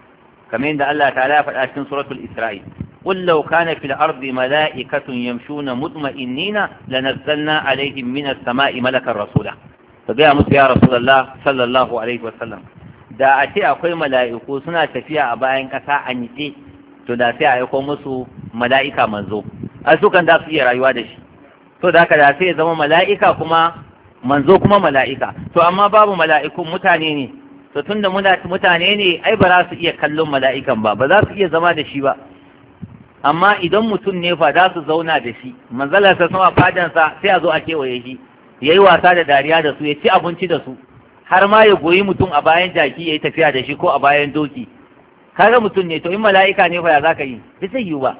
Speaker 1: kamar yadda Allah ta'ala ya faɗa suratul Isra'il قل لو كان في الأرض ملائكة يمشون مطمئنين لنزلنا عليهم من السماء ملكا رسولا فقال مس يا رسول الله صلى الله عليه وسلم da a ce akwai mala'iku suna tafiya a bayan ƙasa a nitse to da sai a aiko musu mala'ika manzo ai su kan da su iya rayuwa da shi to da ka da sai ya zama mala'ika kuma manzo kuma mala'ika to amma babu mala'ikun mutane ne to tunda mutane ne ai ba za su iya kallon mala'ikan ba ba za su iya zama da shi ba amma idan mutum ne fa za su zauna da shi manzalar sa sama sa sai a zo a kewaye shi yayi wasa da dariya da su ya ci abinci da su har ma ya goyi mutum a bayan jaki yayi tafiya da shi ko a bayan doki kaga mutum ne to in mala'ika ne fa ya zaka yi ba zai yi ba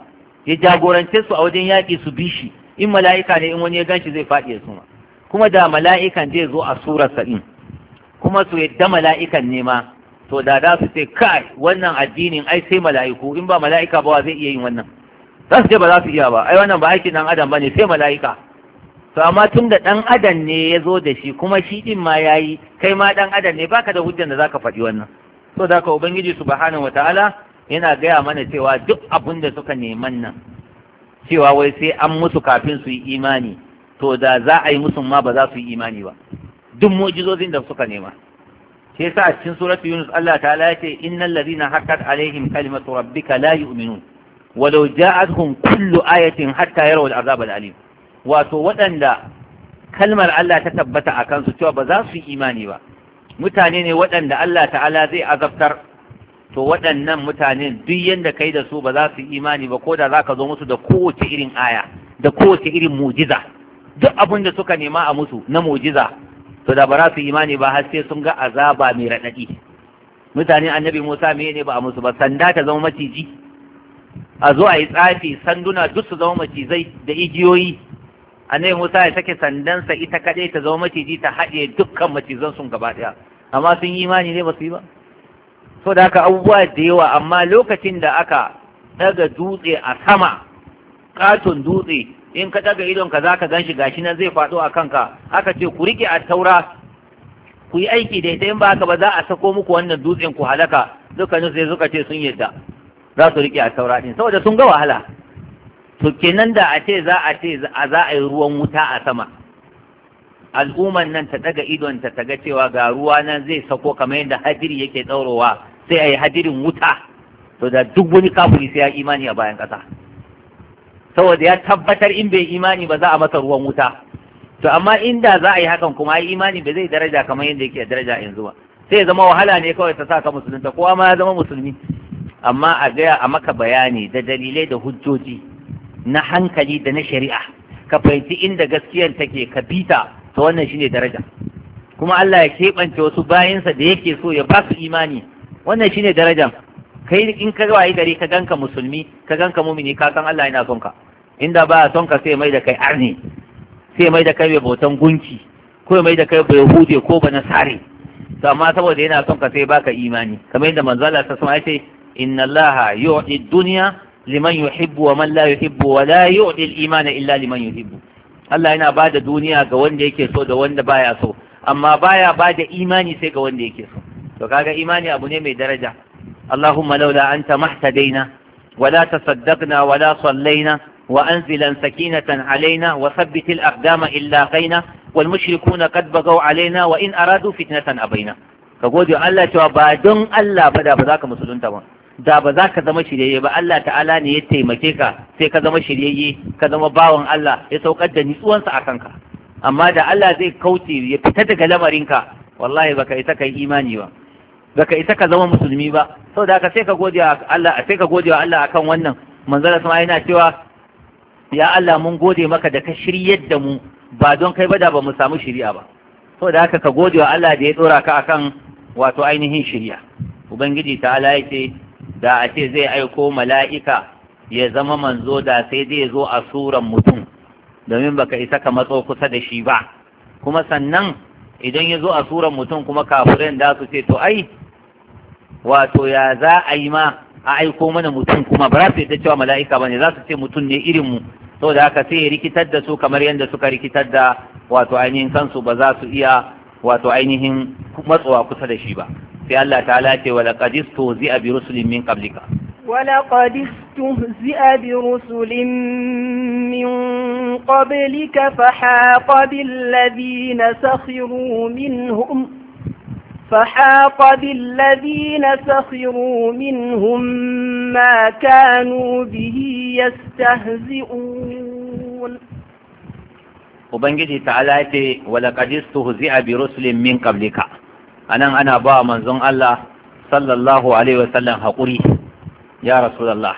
Speaker 1: ya jagorance su a wajen yaƙi su bi shi in mala'ika ne in wani ya ganshi zai faɗi ya suma kuma da mala'ikan zai zo a sura sa'in kuma su yadda mala'ikan ne ma to da za su ce kai wannan addinin ai sai mala'iku in ba mala'ika ba zai iya yin wannan za su ce ba za su iya ba ai wannan ba aikin dan adam bane sai mala'ika to amma tun da dan adam ne ya zo da shi kuma shi din ma yayi kai ma dan adam ne baka da hujjan da zaka faɗi wannan so da ka ubangiji subhanahu wataala yana gaya mana cewa duk abin da suka neman nan cewa wai sai an musu kafin su yi imani to da za a yi musu ma ba za su yi imani ba duk mu'jizozin da suka nema sai sa a cikin suratul yunus Allah ta'ala ya ce innal ladina haqqat alaihim kalimatu rabbika la yu'minun walau ja'atuhum kullu ayatin hatta yarawu al'azab al'alim wato waɗanda kalmar Allah ta tabbata a kansu cewa ba za su yi imani ba mutane ne waɗanda Allah ta'ala zai azabtar to waɗannan mutane duk yadda kai da su ba za su imani ba ko da za ka zo musu da kowace irin aya da kowace irin mujiza duk abin da suka nema a musu na mujiza to da ba za su imani ba har sai sun ga azaba mai raɗaɗi mutane annabi musa me ne ba a musu ba sanda ta zama maciji a zo a yi tsafi sanduna duk su zama macizai da igiyoyi ne Musa ya sake sandansa ita kaɗai ta zama maciji ta haɗe dukkan macizan sun gaba ɗaya amma sun yi imani ne ba su yi ba so da aka abubuwa da yawa amma lokacin da aka daga dutse a sama katon dutse in ka daga idon ka zaka ganshi gashi nan zai faɗo a kanka aka ce ku rike a taura ku yi aiki da ita in ba haka ba za a sako muku wannan dutsen ku halaka dukkanin sai suka ce sun yadda za su rike a taura din saboda sun ga wahala to kenan da a ce za a ce za a yi ruwan wuta a sama al'umman nan ta daga idon ta ga cewa ga ruwa nan zai sako kamar yadda hadiri yake tsaurowa sai a yi hadirin wuta to da duk wani kafuri sai ya imani a bayan ƙasa saboda ya tabbatar in bai imani ba za a masa ruwan wuta to amma inda za a yi hakan kuma ai imani ba zai daraja kamar yadda yake daraja yanzu ba sai ya zama wahala ne kawai ta saka musulunta kowa ma ya zama musulmi amma a gaya a maka bayani da dalilai da hujjoji na hankali da na shari'a ka fahimci inda gaskiyar take ka bita ta wannan shine daraja kuma Allah ya keɓance wasu bayansa da yake so ya ba su imani wannan shine darajan kai in ka yi gari ka ganka musulmi ka ganka mumini ka san Allah yana son ka inda ba son ka sai mai da kai arni sai mai da kai bai bautan gunki ko mai da kai bai hude ko ba nasare to amma saboda yana son ka sai baka imani kamar yadda manzo Allah ta sama ya ce inna Allah yu'ti dunya liman yuhibbu wa man la yuhibbu wa illa liman yuhibbu Allah yana bada duniya ga wanda yake so da wanda baya so amma baya bada imani sai ga wanda yake so to kaga imani abu ne mai daraja Allahuma laula anta mahtadaina wala tasaddaqna wala sallaina wa anzilan sakinatan alaina wa thabbitil aqdama illa qaina wal mushrikuna qad alaina wa in aradu fitnatan abaina ka gode Allah cewa ba don Allah fada ba zaka ka musulunta ba da ba za ka zama shiryayye ba Allah ta'ala ne ya taimake ka sai ka zama shiryayye ka zama bawan Allah ya saukar da nitsuwansa a kanka amma da Allah zai kauce ya fita daga lamarinka wallahi baka isa kai imani ba baka isa ka zama musulmi ba saboda haka sai ka gode wa Allah sai ka gode wa Allah akan wannan manzala sama yana cewa ya Allah mun gode maka da ka shiryar da mu ba don kai ba da ba mu samu shiriya ba saboda haka ka gode wa Allah da ya dora ka akan wato ainihin shirya. ubangiji ta'ala yake da a ce zai aiko mala'ika ya zama manzo da sai zai zo a tsoron mutum domin baka isa ka matso kusa da shi ba kuma sannan idan ya zo a tsoron mutum kuma kafirin da su ce to ai wato ya za a yi ma a aiko mana mutum kuma ba su ita cewa mala'ika ba ne za su ce mutum ne irinmu saboda haka sai ya rikitar da su kamar yadda suka rikitar da wato ainihin kansu ba za su iya wato ainihin matsowa kusa da shi ba في الله تعالى ولقد استهزئ برسل من قبلك
Speaker 2: ولقد استهزئ برسل من قبلك فحاق بالذين سخروا منهم فحاق بالذين سخروا منهم ما كانوا به يستهزئون
Speaker 1: وبنجي تعالى ولقد استهزئ برسل من قبلك anan ana ba manzon Allah sallallahu alaihi wasallam haƙuri ya rasulullah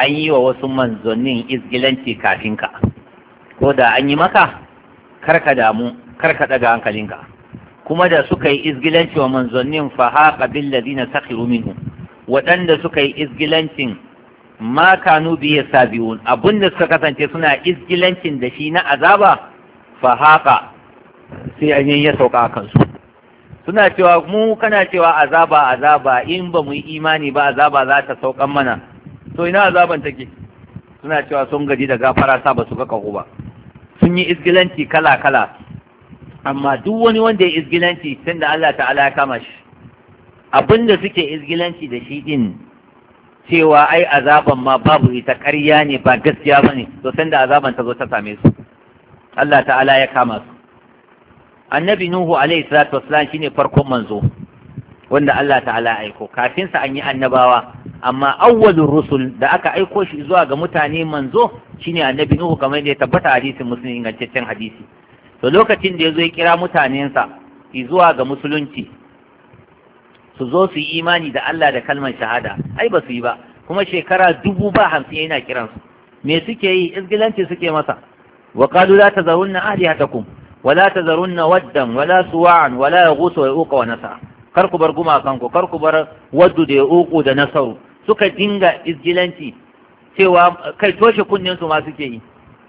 Speaker 1: an yi wa wasu manzonin izgilanci kafin ka ko da an yi maka karka damu karka daga hankalinka kuma da suka yi izgilanci wa manzonin fa haqa bil ladina sakhiru minhum waɗanda suka yi izgilancin ma kanu biye sabiun abinda suka kasance suna izgilancin da shi na azaba fa haqa sai an yi ya sauka kansu suna cewa mu kana cewa azaba azaba in ba mu yi imani ba azaba za ta saukan mana to ina azaban take suna cewa sun gaji da gafara sa ba su ga kahu ba sun yi izgilanci kala kala amma duk wani wanda ya izgilanci tun da Allah ta'ala ya kama shi abin da suke izgilanci da shi din cewa ai azaban ma babu ita ƙarya ne ba gaskiya bane to tun da azaban ta zo ta same su Allah ta'ala ya kama su annabi nuhu alaihi salatu wassalam shine farkon manzo wanda Allah ta'ala ya aiko kafin sa an yi annabawa amma awwalur rusul da aka aiko shi zuwa ga mutane manzo shine annabi nuhu kamar da ya tabbata hadisin muslim ingantaccen hadisi to lokacin da yazo ya kira mutanensa zuwa ga musulunci su zo su yi imani da Allah da kalmar shahada ai ba su yi ba kuma shekara dubu ba hamsin yana kiransu me suke yi izgilanci suke masa wa qalu la tazawunna ahlihatakum wala ta zarun na waddan wala suwa'an wala ya guso ya uka wa nasa. kar ku bar gumakan ku kar ku bar waddu da uku da nasaru suka dinga izgilanci cewa kai toshe kunnen su ma suke yi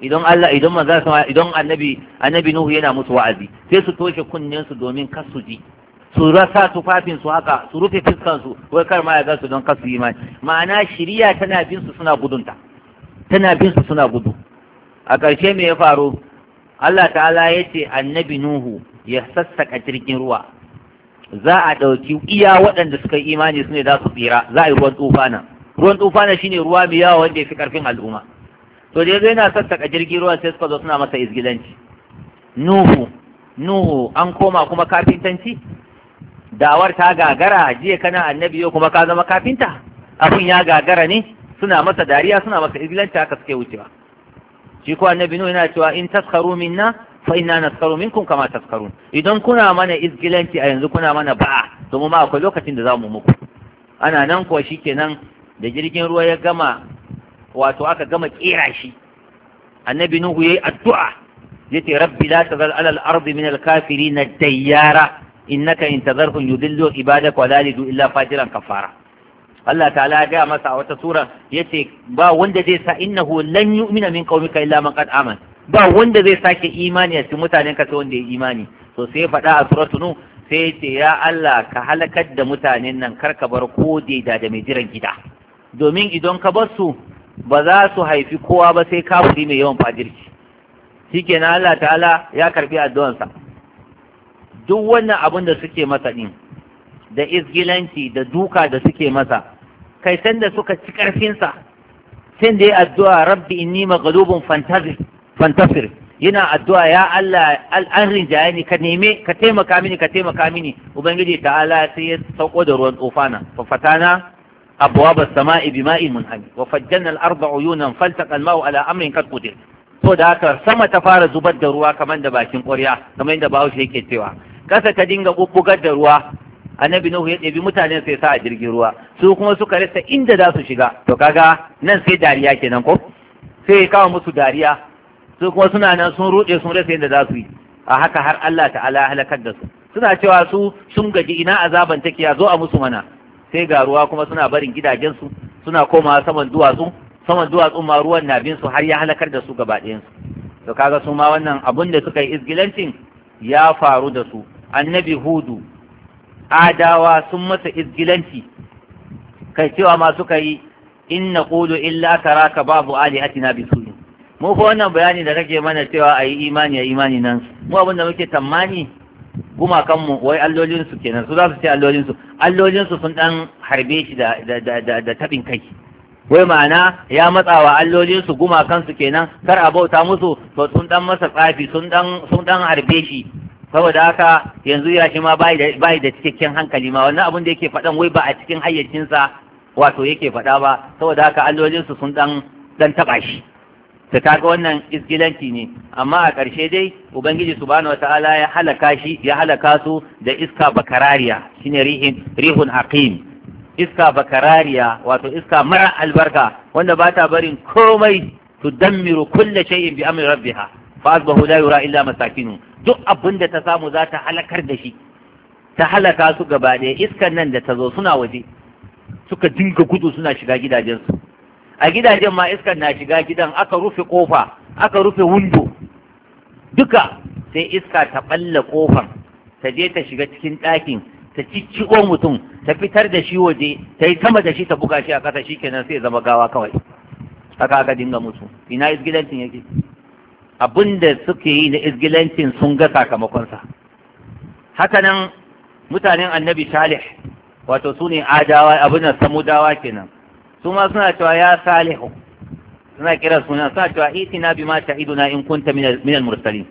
Speaker 1: idan Allah idan manzo sama idan annabi annabi Nuhu yana musu wa'azi sai su toshe kunnen su domin kar su ji su rasa tufafin su haka su rufe fiskan su wai kar ma ya ga su don kar su yi mai ma'ana shiriya tana bin su suna gudunta tana bin su suna gudu a ƙarshe me ya faru Allah ta'ala ya ce annabi Nuhu ya sassaka jirgin ruwa za a ɗauki iya waɗanda suka yi imani su ne za su tsira za a yi ruwan tsufana ruwan tsufana ne ruwa mai yawa wanda ya fi ƙarfin al'umma to da yanzu yana sassaka jirgin ruwa sai suka zo suna masa izgilanci Nuhu Nuhu an koma kuma kafintanci dawar ta gagara jiya kana annabi yau kuma ka zama kafinta abun ya gagara ne suna masa dariya suna masa izgilanci haka suke wucewa shi ko annabi nuhu yana cewa in taskaru minna fa inna naskaru minkum kama taskarun idan kuna mana izgilanci a yanzu kuna mana ba'a to mu ma akwai lokacin da zamu muku ana nan kuwa shikenan da jirgin ruwa ya gama wato aka gama kera shi annabi nuhu yayi addu'a yace rabbi la tazal ala al-ardi min al-kafirin dayyara innaka in tadharhum yudillu ibadaka wa la yalidu illa fajiran kafara Allah ta'ala ya masa a wata sura ce ba wanda zai sa innahu lan yu'mina min qaumika illa man qad aman ba wanda zai sake imani a cikin mutanen ka wanda ya imani to sai faɗa a suratu nu sai ya ce ya Allah ka halakar da mutanen nan kar ka bar ko da da mai jiran gida domin idan ka bar su ba za su haifi kowa ba sai kafiri mai yawan fajirki shikenan Allah ta'ala ya karbi addu'ansa duk wannan abin da suke masa din da izgilanci da duka da suke masa kai sanda suka ci ƙarfinsa sai da ya addu'a rabbi inni maghlubun fantafir yana addu'a ya Allah an rinjaye ni ka neme ka taimaka mini ka taimaka mini ubangiji ta'ala sai ya sauko da ruwan tsofana fa fatana abwab as-sama'i bima'in munhamid wa fajjalna al ardha uyunan faltaqa al-ma'u ala amrin kad qudir to da haka sama ta fara zubar da ruwa kamar da bakin ƙwarya kamar da bahaushe yake cewa kasa ta dinga bubbugar da ruwa annabi nuhu ya ɗebi mutane sai sa a jirgin ruwa su kuma suka rasa inda za su shiga to kaga nan sai dariya kenan ko sai ya kawo musu dariya su kuma suna nan sun ruɗe sun rasa inda za su yi a haka har Allah ta'ala halakar da su suna cewa su sun gaji ina azaban take ya zo a musu mana sai ga ruwa kuma suna barin gidajensu suna koma saman duwatsu saman duwatsun ma ruwan na bin su har ya halakar da su gaba ɗayansu to kaga su ma wannan abun da suka yi izgilancin ya faru da su annabi hudu adawa sun masa izgilanci kai cewa ma suka yi in na kulu illa taraka babu alihatina bi suyi mu fa wannan bayani da kake mana cewa ayi imani ya imani nan mu abin da muke tamani gumakanmu, wai allolin su kenan su za su ce allolin su allolin su sun dan harbe shi da da da da tabin kai wai ma'ana ya matsawa allolin su gumakan su kenan kar a bauta musu to sun dan masa tsafi sun dan sun dan harbe shi saboda haka yanzu ya shi ma bai da cikakken hankali ma wannan abin da yake faɗan wai ba a cikin hayyacinsa wato yake faɗa ba saboda haka allolinsu sun ɗan dan taɓa shi ta kaga wannan iskilanci ne amma a ƙarshe dai ubangiji subhanahu wataala ya halaka shi ya halaka su da iska bakarariya shine rihin rihun aqim iska bakarariya wato iska mara albarka wanda ba ta barin komai tudammiru kulla shay'in bi amri rabbiha fa asbahu la yura illa masakinu duk abin da ta samu za ta halakar da shi ta halaka su gaba ɗaya iskan nan da ta zo suna waje suka dinga gudu suna shiga gidajensu a gidajen ma iskan na shiga gidan aka rufe kofa aka rufe windo duka sai iska ta ɓalla kofan ta je ta shiga cikin ɗakin ta cicciko mutum ta fitar da shi waje ta yi sama da shi ta buga shi a ƙasa kenan sai zama gawa kawai haka aka dinga mutu ina tun yake abin da suke yi na izgilancin sun ga sakamakonsa hakanan mutanen annabi salih wato su ne adawa abin da samudawa kenan su ma suna cewa ya salihu suna kira suna suna cewa na bi ma ta'iduna in kunta min al-mursalin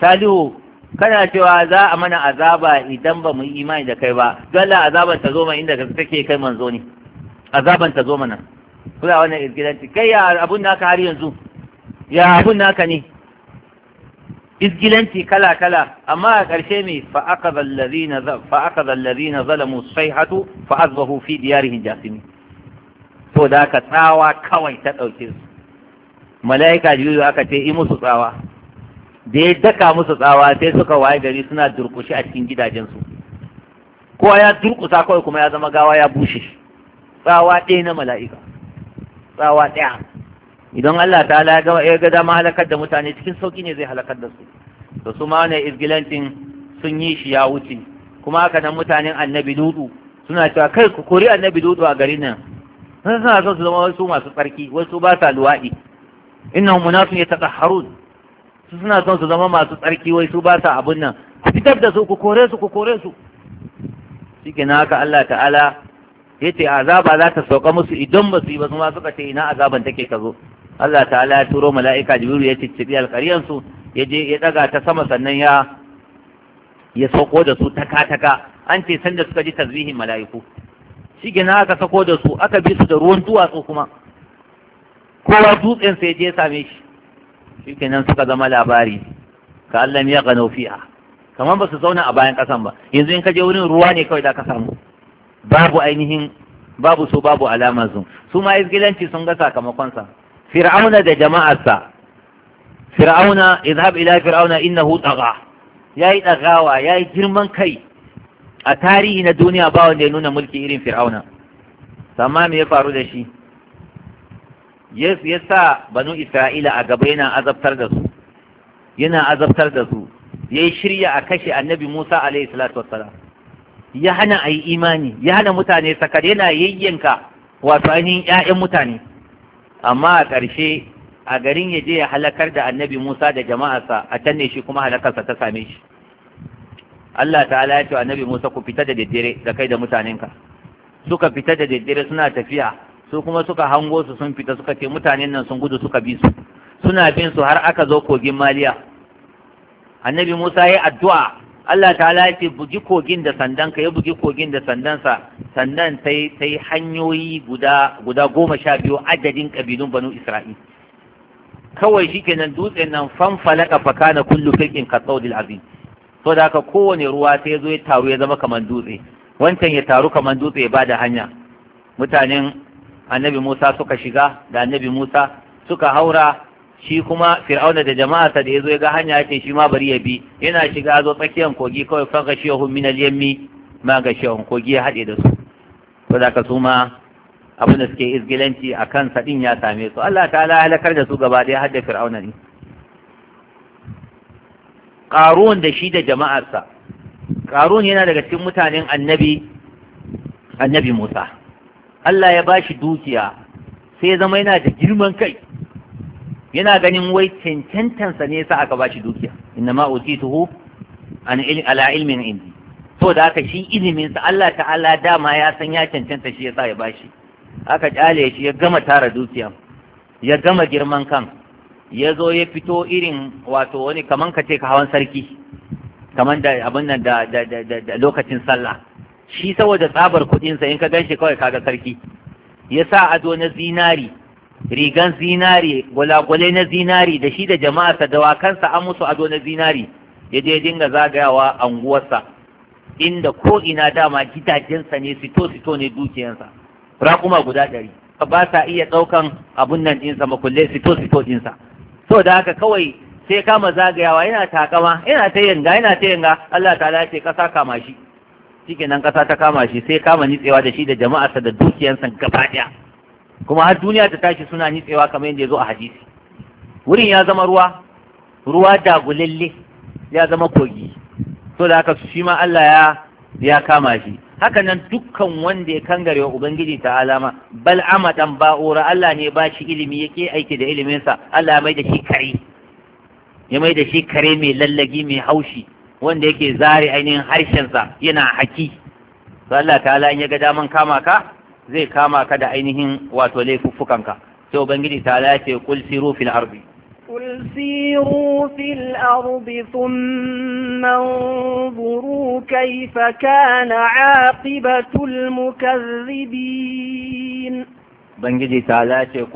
Speaker 1: salihu kana cewa za a mana azaba idan ba mu yi imani da kai ba dole azaban ta zo mana inda kake kai manzo ne azaban ta zo mana kula wannan izgilanci kai ya abun naka har yanzu ya abun naka ne izgilanci kala-kala amma a ƙarshe ne fa'akaza lalazina zalamu sai hatu fa'azbahu fi diyarihin jasimi to da aka tsawa kawai ta ɗauke su mala'ika juyu aka ce yi musu tsawa da ya daka musu tsawa sai suka waye gari suna durƙushi a cikin gidajensu kowa ya durƙusa kawai kuma ya zama gawa ya bushe tsawa ɗaya na mala'ika tsawa ɗaya idan Allah ta ga ya ga dama halakar da mutane cikin sauki ne zai halakar da su to su ma ne izgilantin sun yi shi ya wuce kuma haka nan mutanen annabi dudu suna cewa kai ku kori annabi dudu a garin nan sun suna son su zama wasu masu tsarki wasu ba sa luwaɗi innahum munafiqun harun. su suna son su zama masu tsarki wai su ba sa abun nan ku fitar da su ku kore su ku kore su shikenan haka Allah ta'ala yace azaba za ta sauka musu idan ba su yi ba kuma suka ce ina azaban take ka zo Allah ta'ala ya turo mala'ika jibiru ya ciccibi alƙaryan su ya je ya daga ta sama sannan ya ya sauko da su taka taka an ce sanda suka ji tasbihin mala'iku shi gina aka sako da su aka bi su da ruwan duwatsu kuma kowa dutsen sai je same shi shi kenan suka zama labari ka Allah ya gano fi'a kamar ba su zauna a bayan kasan ba yanzu in ka je wurin ruwa ne kawai da ka samu babu ainihin babu so babu alamar su su ma izgilanci sun ga sakamakonsa fir'auna da jama'arsa fir'auna izhab ila fir'auna innahu tagha yayi dagawa yayi girman kai a tarihi na duniya ba wanda ya nuna mulki irin fir'auna amma me ya faru da shi yesu ya sa banu isra'ila a gaba yana azabtar da su yana azabtar da su ya yi shirya a kashe annabi musa alaihi salatu wassalam ya hana a imani ya hana mutane sakar yana yayyanka wato ainihin 'ya'yan mutane amma a ƙarshe a garin ya je ya halakar da annabi Musa da jama'arsa a canne shi kuma halakarsa ta same shi Allah ta'ala ya ce annabi Musa ku fita da daddare da kai da mutanenka suka fita da daddare suna tafiya su kuma suka hango su sun fita suka ce mutanen nan sun gudu suka bi su suna bin su har aka zo kogin maliya annabi Musa ya yi addu'a Allah ta'ala ya ce bugi kogin da sandanka ya bugi kogin da sandansa sandan sai sai hanyoyi guda goma sha biyu adadin kabilun banu Isra'il kawai shikenan dutsen nan fanfalaka fakana kullu firqin kasawdil azim to da haka kowane ruwa sai ya zo ya taru ya zama kamar dutse wancan ya taru kamar dutse ya bada hanya mutanen annabi Musa suka shiga da annabi Musa suka haura shi kuma fir'auna da jama'arsa da ya zo ya ga hanya yake shi ma bari ya bi yana shiga zo tsakiyar kogi kawai shi gashiyahum min al-yammi ma gashiyahum kogi ya hade da su to da ka su ma abin da suke izgilanci a kan saɗin ya same su Allah ta'ala halakar da su gaba ɗaya har da fir'auna ne qarun da shi da jama'arsa qarun yana daga cikin mutanen annabi annabi Musa Allah ya bashi dukiya sai ya zama yana da girman kai yana ganin wai cancantansa ne sa aka bashi dukiya inna ma utituhu an ala ilmin indi to da aka shi ilimin sa Allah ta'ala dama ya san ya cancanta shi yasa ya bashi aka kyale shi ya gama tara dukiya ya gama girman kan ya zo ya fito irin wato wani kaman ka ce ka hawan sarki kaman da abin nan da da lokacin sallah shi saboda tsabar kuɗinsa in ka ganshi kawai kaga sarki ya sa ado na zinari rigan zinari gwalagwale na zinari da shi da jama'arsa da wakansa an musu ado na zinari ya je dinga zagayawa anguwarsa inda ko ina dama gidajensa ne sito sito ne dukiyansa raƙuma guda ɗari ba sa iya ɗaukan abun nan ɗinsa makulle sito sito ɗinsa so da haka kawai sai kama zagayawa yana takama yana ta yanga yana ta yanga Allah ta ce ƙasa kama shi nan ƙasa ta kama shi sai kama nitsewa da shi da jama'arsa da dukiyansa gaba ɗaya kuma har duniya ta tashi suna nitsewa kamar yadda ya zo a hadisi wurin ya zama ruwa ruwa dagulalle ya zama kogi to da haka shi ma Allah ya ya kama shi haka nan dukkan wanda ya kangare wa ubangiji ta alama bal amadan ba'ura Allah ne ba shi ilimi yake aiki da iliminsa Allah ya mai da shi kare ya mai da shi kare mai lallagi mai haushi wanda yake zare ainihin harshen sa yana haki to Allah ta'ala in ya ga daman kama ka zai kama ka da ainihin wato laifuffukanka sai ubangiji ta ya ce kul siru fil ardi
Speaker 2: kul siru fil ardi thumma nzuru kayfa kana aqibatu al mukaththibin
Speaker 1: ubangiji ta ya ce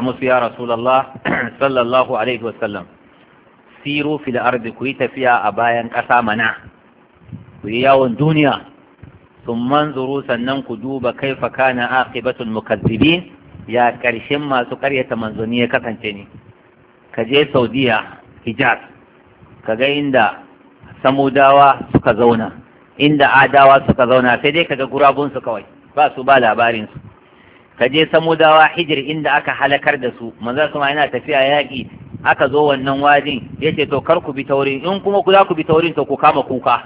Speaker 1: musu ya rasulullah sallallahu alaihi wasallam siru fil ku yi tafiya a bayan ƙasa mana ku yi yawon duniya sun manzuru sannan ku duba kai fa kana aqibatul mukaddibin ya karshen masu ƙaryata manzoni ya kasance ni ka je saudiya hijaz ka ga inda samudawa suka zauna inda adawa suka zauna sai dai ka ga gurabun su kawai ba su ba labarin su ka je samudawa hijir inda aka halakar da su maza su ma yana tafiya yaƙi aka zo wannan wajen yace to karku ku bi taurin in kuma ku za ku bi taurin to ku kama kuka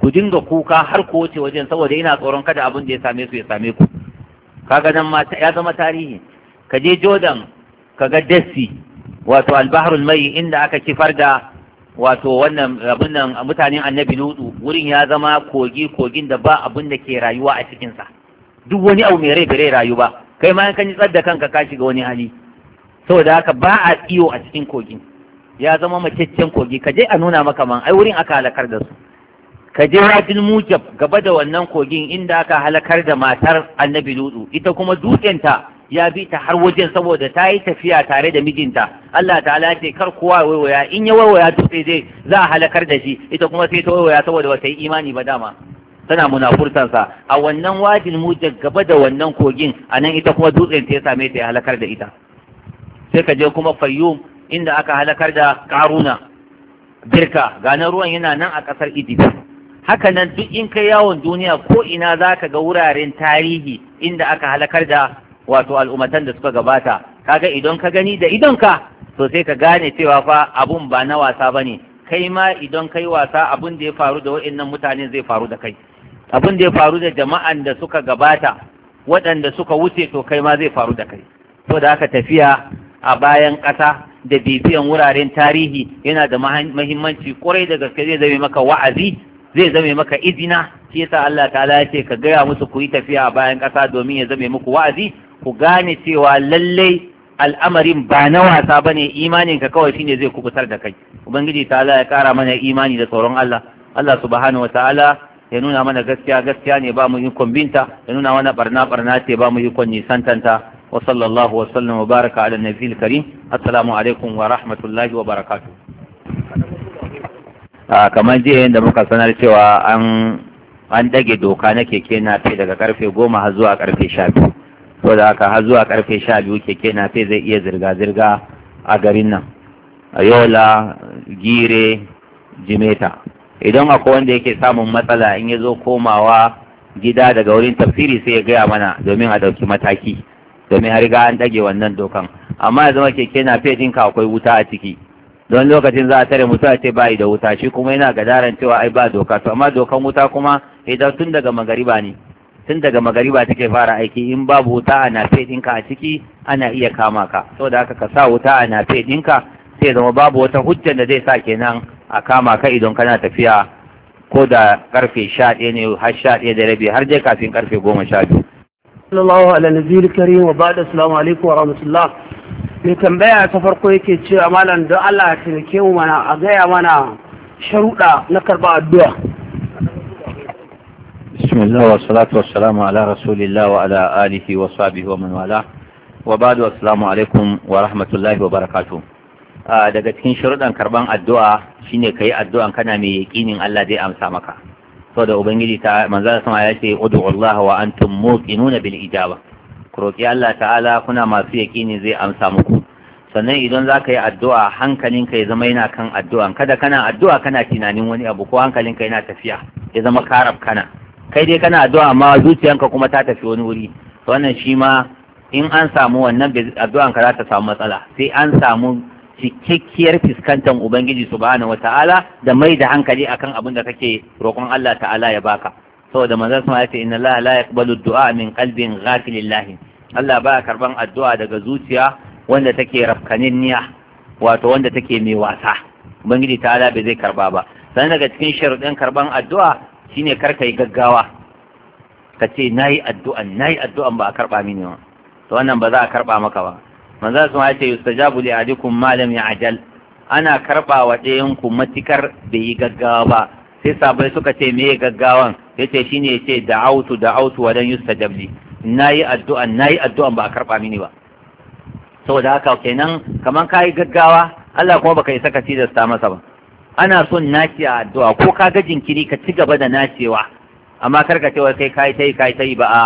Speaker 1: ku dinga kuka har ku wuce wajen saboda ina tsoron kada abin da ya same su ya same ku kaga nan ya zama tarihi ka je jordan ka ga desi wato albaharul mai inda aka kifar da wato wannan abin nan mutanen annabi nudu wurin ya zama kogi kogin da ba abin da ke rayuwa a cikinsa duk wani abu mai rai bai rayu ba kai ma kan yi da kanka ka shiga wani hali saboda haka ba a iyo a cikin kogin ya zama macaccen kogi ka je a nuna maka man ai wurin aka halakar da su ka je rafin mujab gaba da wannan kogin inda aka halakar da matar annabi lutu ita kuma dutsenta ya bi ta har wajen saboda ta yi tafiya tare da mijinta Allah ala ce kar kowa waiwaya in ya waiwaya dutse zai za a halakar da shi ita kuma sai ta waiwaya saboda wata yi imani ba dama tana munafurtansa a wannan wajin mujab gaba da wannan kogin a nan ita kuma dutsen ya same ta ya halakar da ita sai ka je kuma fayyum inda aka halakar da karuna birka ganin ruwan yana nan a ƙasar idib Haka nan duk in kai yawon duniya ko ina za ka ga wuraren tarihi inda aka halakar da wato al'ummatan da suka gabata kaga idan ka gani da idonka to sai ka gane cewa fa abun ba na wasa ba ne kai ma idan kai wasa abun da ya faru da wa'annan mutane zai faru da kai abun da ya faru da jama'an da suka gabata waɗanda suka wuce to kai ma zai faru da kai to da aka tafiya a bayan ƙasa da bibiyan wuraren tarihi yana da mahimmanci kwarai da gaske zai zame maka wa'azi zai zame maka izina shi yasa Allah ta'ala ya ce ka gaya musu ku yi tafiya a bayan ƙasa domin ya zame muku wa'azi ku gane cewa lallai al'amarin ba na wasa ba ne imanin ka kawai shine zai kubutar da kai ubangiji ta'ala ya ƙara mana imani da tsoron Allah Allah subhanahu wata'ala ya nuna mana gaskiya gaskiya ne ba mu ikon binta ya nuna mana barna barna ce ba mu ikon nisantanta wa sallallahu wa sallam wa baraka ala nabiyil karim assalamu alaikum wa rahmatullahi wa barakatuh kamar jiya yadda muka sanar cewa an an dage doka na keke na fe daga karfe goma har zuwa karfe sha biyu to da haka har zuwa karfe sha biyu keke na fe zai iya zirga-zirga a garin nan yola gire jimeta idan akwai wanda yake samun matsala in ya zo komawa gida daga wurin tafsiri sai ya gaya mana domin a ɗauki mataki domin har riga an ɗage wannan dokan amma ya zama keke na fe ɗinka akwai wuta a ciki don lokacin za a tare mutum a ce bayi da wuta shi kuma yana gadaran cewa ai ba doka to amma dokan wuta kuma idan tun daga magariba ne tun daga magariba take fara aiki in babu wuta a nafe ɗinka a ciki ana iya kama ka saboda haka ka sa wuta a nafe ɗinka sai zama babu wata hujjar da zai sa kenan a kama ka idan kana tafiya ko da karfe sha ɗaya ne har sha ɗaya da rabi har dai kafin karfe goma sha biyu.
Speaker 3: Sallallahu alaihi wa ba'da wa rahmatullah. mai tambaya ta farko yake cewa malam don Allah ya taimake mu mana a gaya mana sharuɗa na karɓa addu'a
Speaker 1: bismillah wa salatu wa salamu ala rasulillah wa ala alihi wa sahbihi wa man wala wa ba'du assalamu alaikum wa rahmatullahi wa barakatuh daga cikin sharuɗan karban addu'a shine kai addu'an kana mai yaƙinin Allah zai amsa maka saboda ubangiji ta manzo sama ya ce ud'u Allah wa antum muqinuna bil ijaba ku roƙi Allah ta'ala kuna masu yaƙini zai amsa muku sannan idan za ka yi addu'a hankalin ka ya zama yana kan addu'a kada kana addu'a kana tunanin wani abu ko hankalin ka yana tafiya ya zama karab kana kai dai kana addu'a ma zuciyanka kuma ta tafi wani wuri wannan shi ma in an samu wannan addu'an ka za ta samu matsala sai an samu cikakkiyar fuskantar ubangiji subhanahu wataala da mai da hankali akan abin da kake roƙon Allah ta'ala ya baka saboda manzon sama ya ce inna Allah la yaqbalu du'a min qalbin ghafilillah Allah ba karban addu'a daga zuciya wanda take rafkanin niya wato wanda take mai wasa ubangiji ala bai zai karba ba Sani daga cikin sharuɗin karban addu'a shine kar ka yi gaggawa ka ce nayi Na nayi addu'a ba a karba mini ba to wannan ba za a karba maka ba Mazan sama ya ce yustajabu li ahadikum ma lam ya'jal ana karba wa ɗayan ku matikar bai yi gaggawa ba sai sabai suka ce me gaggawan ya ce shi ne yace da Autu, da Autu, wa dan yustajab li nayi addu'a yi addu'a ba a karba mini ba saboda haka kenan kaman kai gaggawa Allah kuma baka isa ka sa masa ba ana son naci a addu'a ko ka ga jinkiri ka ci gaba da nacewa amma kar ka ce wai kai kai tai kai tai ba a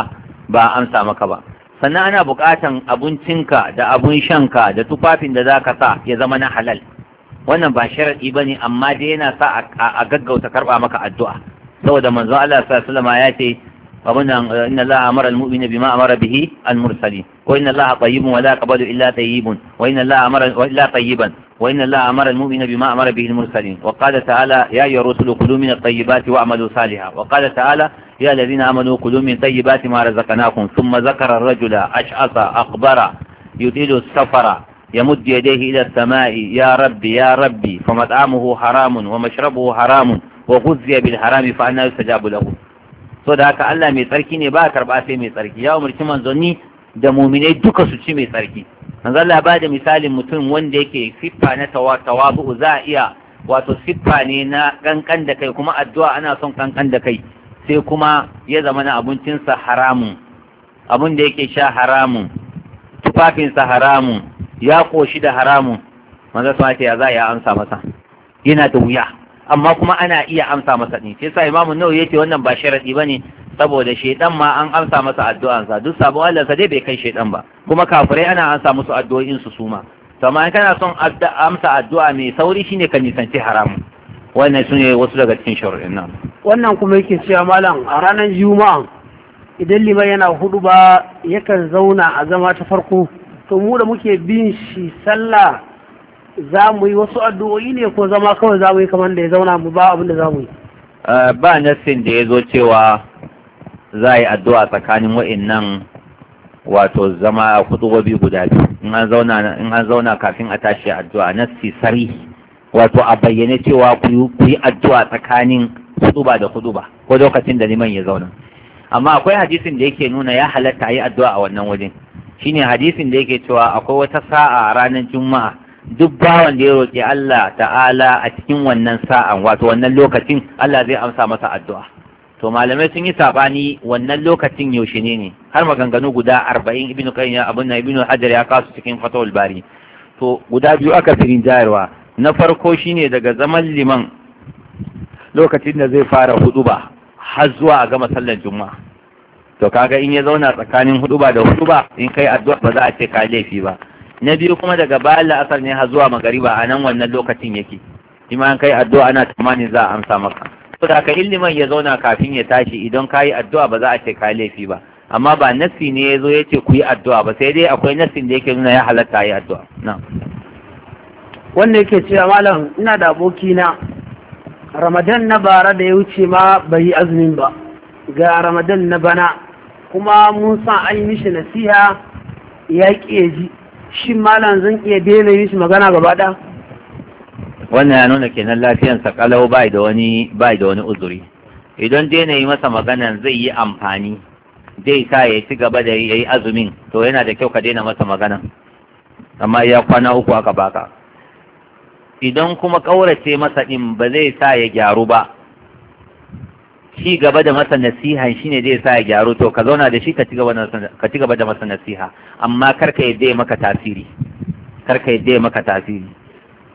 Speaker 1: ba amsa maka ba sannan ana buƙatan abincinka da abun shanka da tufafin da zaka sa ya zama na halal wannan ba sharadi bane amma dai yana sa a gaggauta karba maka addu'a saboda manzo Allah sallallahu alaihi wasallam ya ce abunnan inna Allah amara al almu'mina bima amara bihi al mursali wa inna Allah tayyibun wa la qabalu illa tayyibun wa inna Allah amara wa illa tayyiban wa inna Allah amara al almu'mina bima amara bihi al mursali wa qala ta'ala ya ayyuhar rusulu kulu min at-tayyibati wa amalu salihan wa qala ta'ala ya alladhina amanu kulu min tayyibati ma razaqnakum thumma zakara ar-rajula ash'asa aqbara yudilu as-safara يمد يديه إلى السماء يا ربي يا ربي فمطعمه حرام ومشربه حرام وغذي بالحرام فأنا يستجاب له so da haka Allah mai tsarki ne ba karba sai mai tsarki ya umarci manzanni da muminai duka su ci mai tsarki manzo Allah ba da misalin mutum wanda yake siffa na tawabu za iya wato siffa ne na kankan da kai kuma addu'a ana son kankan da kai sai kuma ya zama na abincinsa haramun abin da yake sha haramun tufafinsa haramun ya koshi da haramun manzo sama ce ya za ya amsa masa yana da wuya amma kuma ana iya amsa masa ne sai sa imamu ya ce wannan ba sharadi bane saboda shedan ma an amsa masa addu'ansa duk sabon Allah sa dai bai kai shedan ba kuma kafirai ana amsa musu addu'o'in su suma to amma kana son amsa addu'a mai sauri shine ka nisanci haramun wannan sune
Speaker 3: wasu daga cikin shawarar nan wannan kuma yake cewa malam a ranar juma'a idan liman yana hudu ba yakan zauna a zama ta farko to mu da muke bin shi sallah za mu yi wasu addu'o'i ne ko zama kawai za mu yi kamar da ya zauna mu ba abin da za mu yi
Speaker 1: eh, ba nassin da ya zo cewa za a yi addu'a tsakanin wa'annan wato zama kutubobi guda biyu in an zauna kafin a tashi addu'a nassi sari wato a bayyane cewa ku yi addu'a tsakanin kuduba da kuduba ko lokacin da liman ya zauna amma akwai hadisin da yake nuna ya halatta a yi addu'a a wannan wajen shine hadisin da yake cewa akwai wata sa'a ranar juma'a duk bawan da ya roƙi Allah ta'ala a cikin wannan sa'a wato wannan lokacin Allah zai amsa masa addu'a to malamai sun yi sabani wannan lokacin yaushe ne ne har maganganu guda arba'in ibnu qayyim abin na ibnu hajar ya kasu cikin fatawul bari to guda biyu aka firin jayarwa na farko shine daga zaman liman lokacin da zai fara huduba har zuwa a gama sallar juma'a to kaga in ya zauna tsakanin ba da hudu ba, in kai addu'a ba za a ce ka laifi ba na biyu kuma daga bayan la'asar ne har zuwa magariba a nan wannan lokacin yake shi ma kai addu'a ana tsammanin za a amsa maka to da ka illiman ya zauna kafin ya tashi idan ka yi addu'a ba za a ce ka laifi ba amma ba nassi ne ya zo ya ce ku yi addu'a ba sai dai akwai nassin da yake nuna ya halatta yi addu'a na
Speaker 3: wanda yake cewa malam ina da abokina ramadan na bara da ya wuce ma bai yi azumin ba ga ramadan na bana kuma mun san an yi mishi nasiha ya ƙi ji shi malam zan iya daina mishi magana gaba ɗaya
Speaker 1: wannan ya nuna kenan lafiyansa kalau bai da wani bai da wani uzuri idan daina yi masa magana zai yi amfani zai sa ya ci gaba da ya yi azumin to yana da kyau ka daina masa magana amma ya kwana uku aka baka idan kuma ƙaurace masa ɗin ba zai sa ya gyaru ba ci gaba da masa nasiha shine zai sa ya gyaru to ka zauna da shi ka ci gaba da masa nasiha amma karka yadda ya maka tasiri karka yadda ya maka tasiri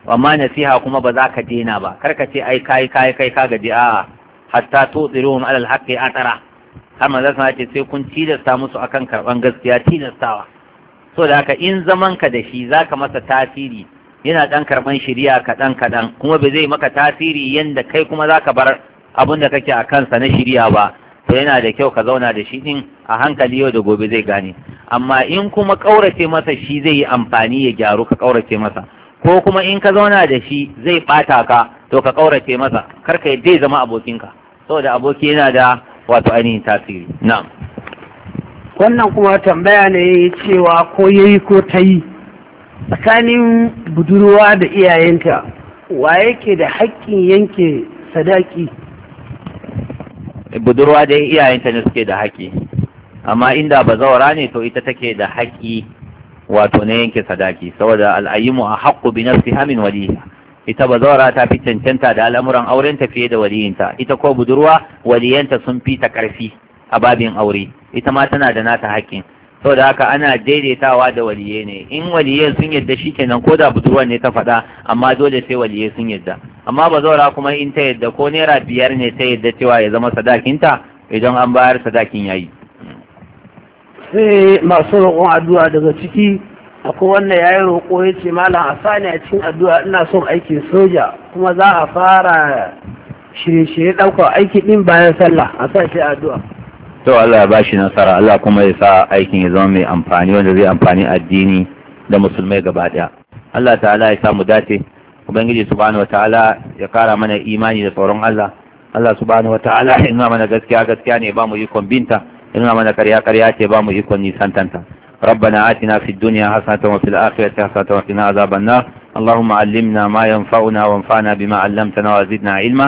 Speaker 1: amma nasiha kuma ba za ka dena ba karka ce ai kai kai kai ka gaji a hatta mu alal haqqi atara har manzo sai ce sai kun tilasta musu akan karban gaskiya tilastawa so da haka in zaman ka da shi zaka masa tasiri yana ɗan karban shiriya kaɗan kaɗan kuma ba zai maka tasiri yanda kai kuma zaka bar abin da kake a kansa na shirya ba to yana da kyau ka zauna da shi din a hankali yau da gobe zai gane amma in kuma ƙaurace masa shi zai yi amfani ya gyaru ka ƙaurace masa ko kuma in ka zauna da shi zai ɓata ka to ka ƙaurace masa kar ka yadda zama abokinka saboda aboki yana da wato ainihin tasiri na'am
Speaker 3: wannan kuma tambaya ne cewa ko yayi ko ta yi tsakanin budurwa da iyayenta wa yake da haƙƙin yanke sadaki
Speaker 1: budurwa dai iyayenta ne suke da haƙƙi amma inda ba zawara ne to ita take da haƙƙi wato na yanke sadaki saboda al'ayyimu a haƙƙu bi nafsi hamin waliha ita ba zawara ta fi cancanta da al'amuran aurenta fiye da waliyinta ita ko budurwa waliyanta sun fi ta ƙarfi a babin aure ita ma tana da nata haƙƙin sau da haka ana daidaitawa da waliye ne in waliye sun yadda shi kenan ko da budurwa ne ta faɗa amma dole sai waliye sun yadda amma ba zaura kuma in ta yadda ko naira biyar ne ta yadda cewa ya zama sadakinta idan an bayar sadakin yayi
Speaker 3: sai masu roƙon addu'a daga ciki akwai wannan yayin roƙo ya ce malam a sani a cikin addu'a ina son aikin soja kuma za a fara shirye-shirye ɗaukar aiki ɗin bayan sallah a sa shi addu'a
Speaker 1: to Allah ya bashi nasara Allah kuma ya sa aikin ya zama mai amfani wanda zai amfani addini da musulmai gaba daya Allah ta'ala ya samu dace ubangiji subhanahu wataala ya kara mana imani da tsoron Allah Allah subhanahu wataala ya nuna mana gaskiya gaskiya ne ba mu ikon binta ya nuna mana karya karya ce ba mu ikon nisantanta ربنا آتنا في الدنيا حسنة وفي الآخرة حسنة وقنا عذاب النار اللهم علمنا ما ينفعنا وانفعنا بما علمتنا وزدنا علما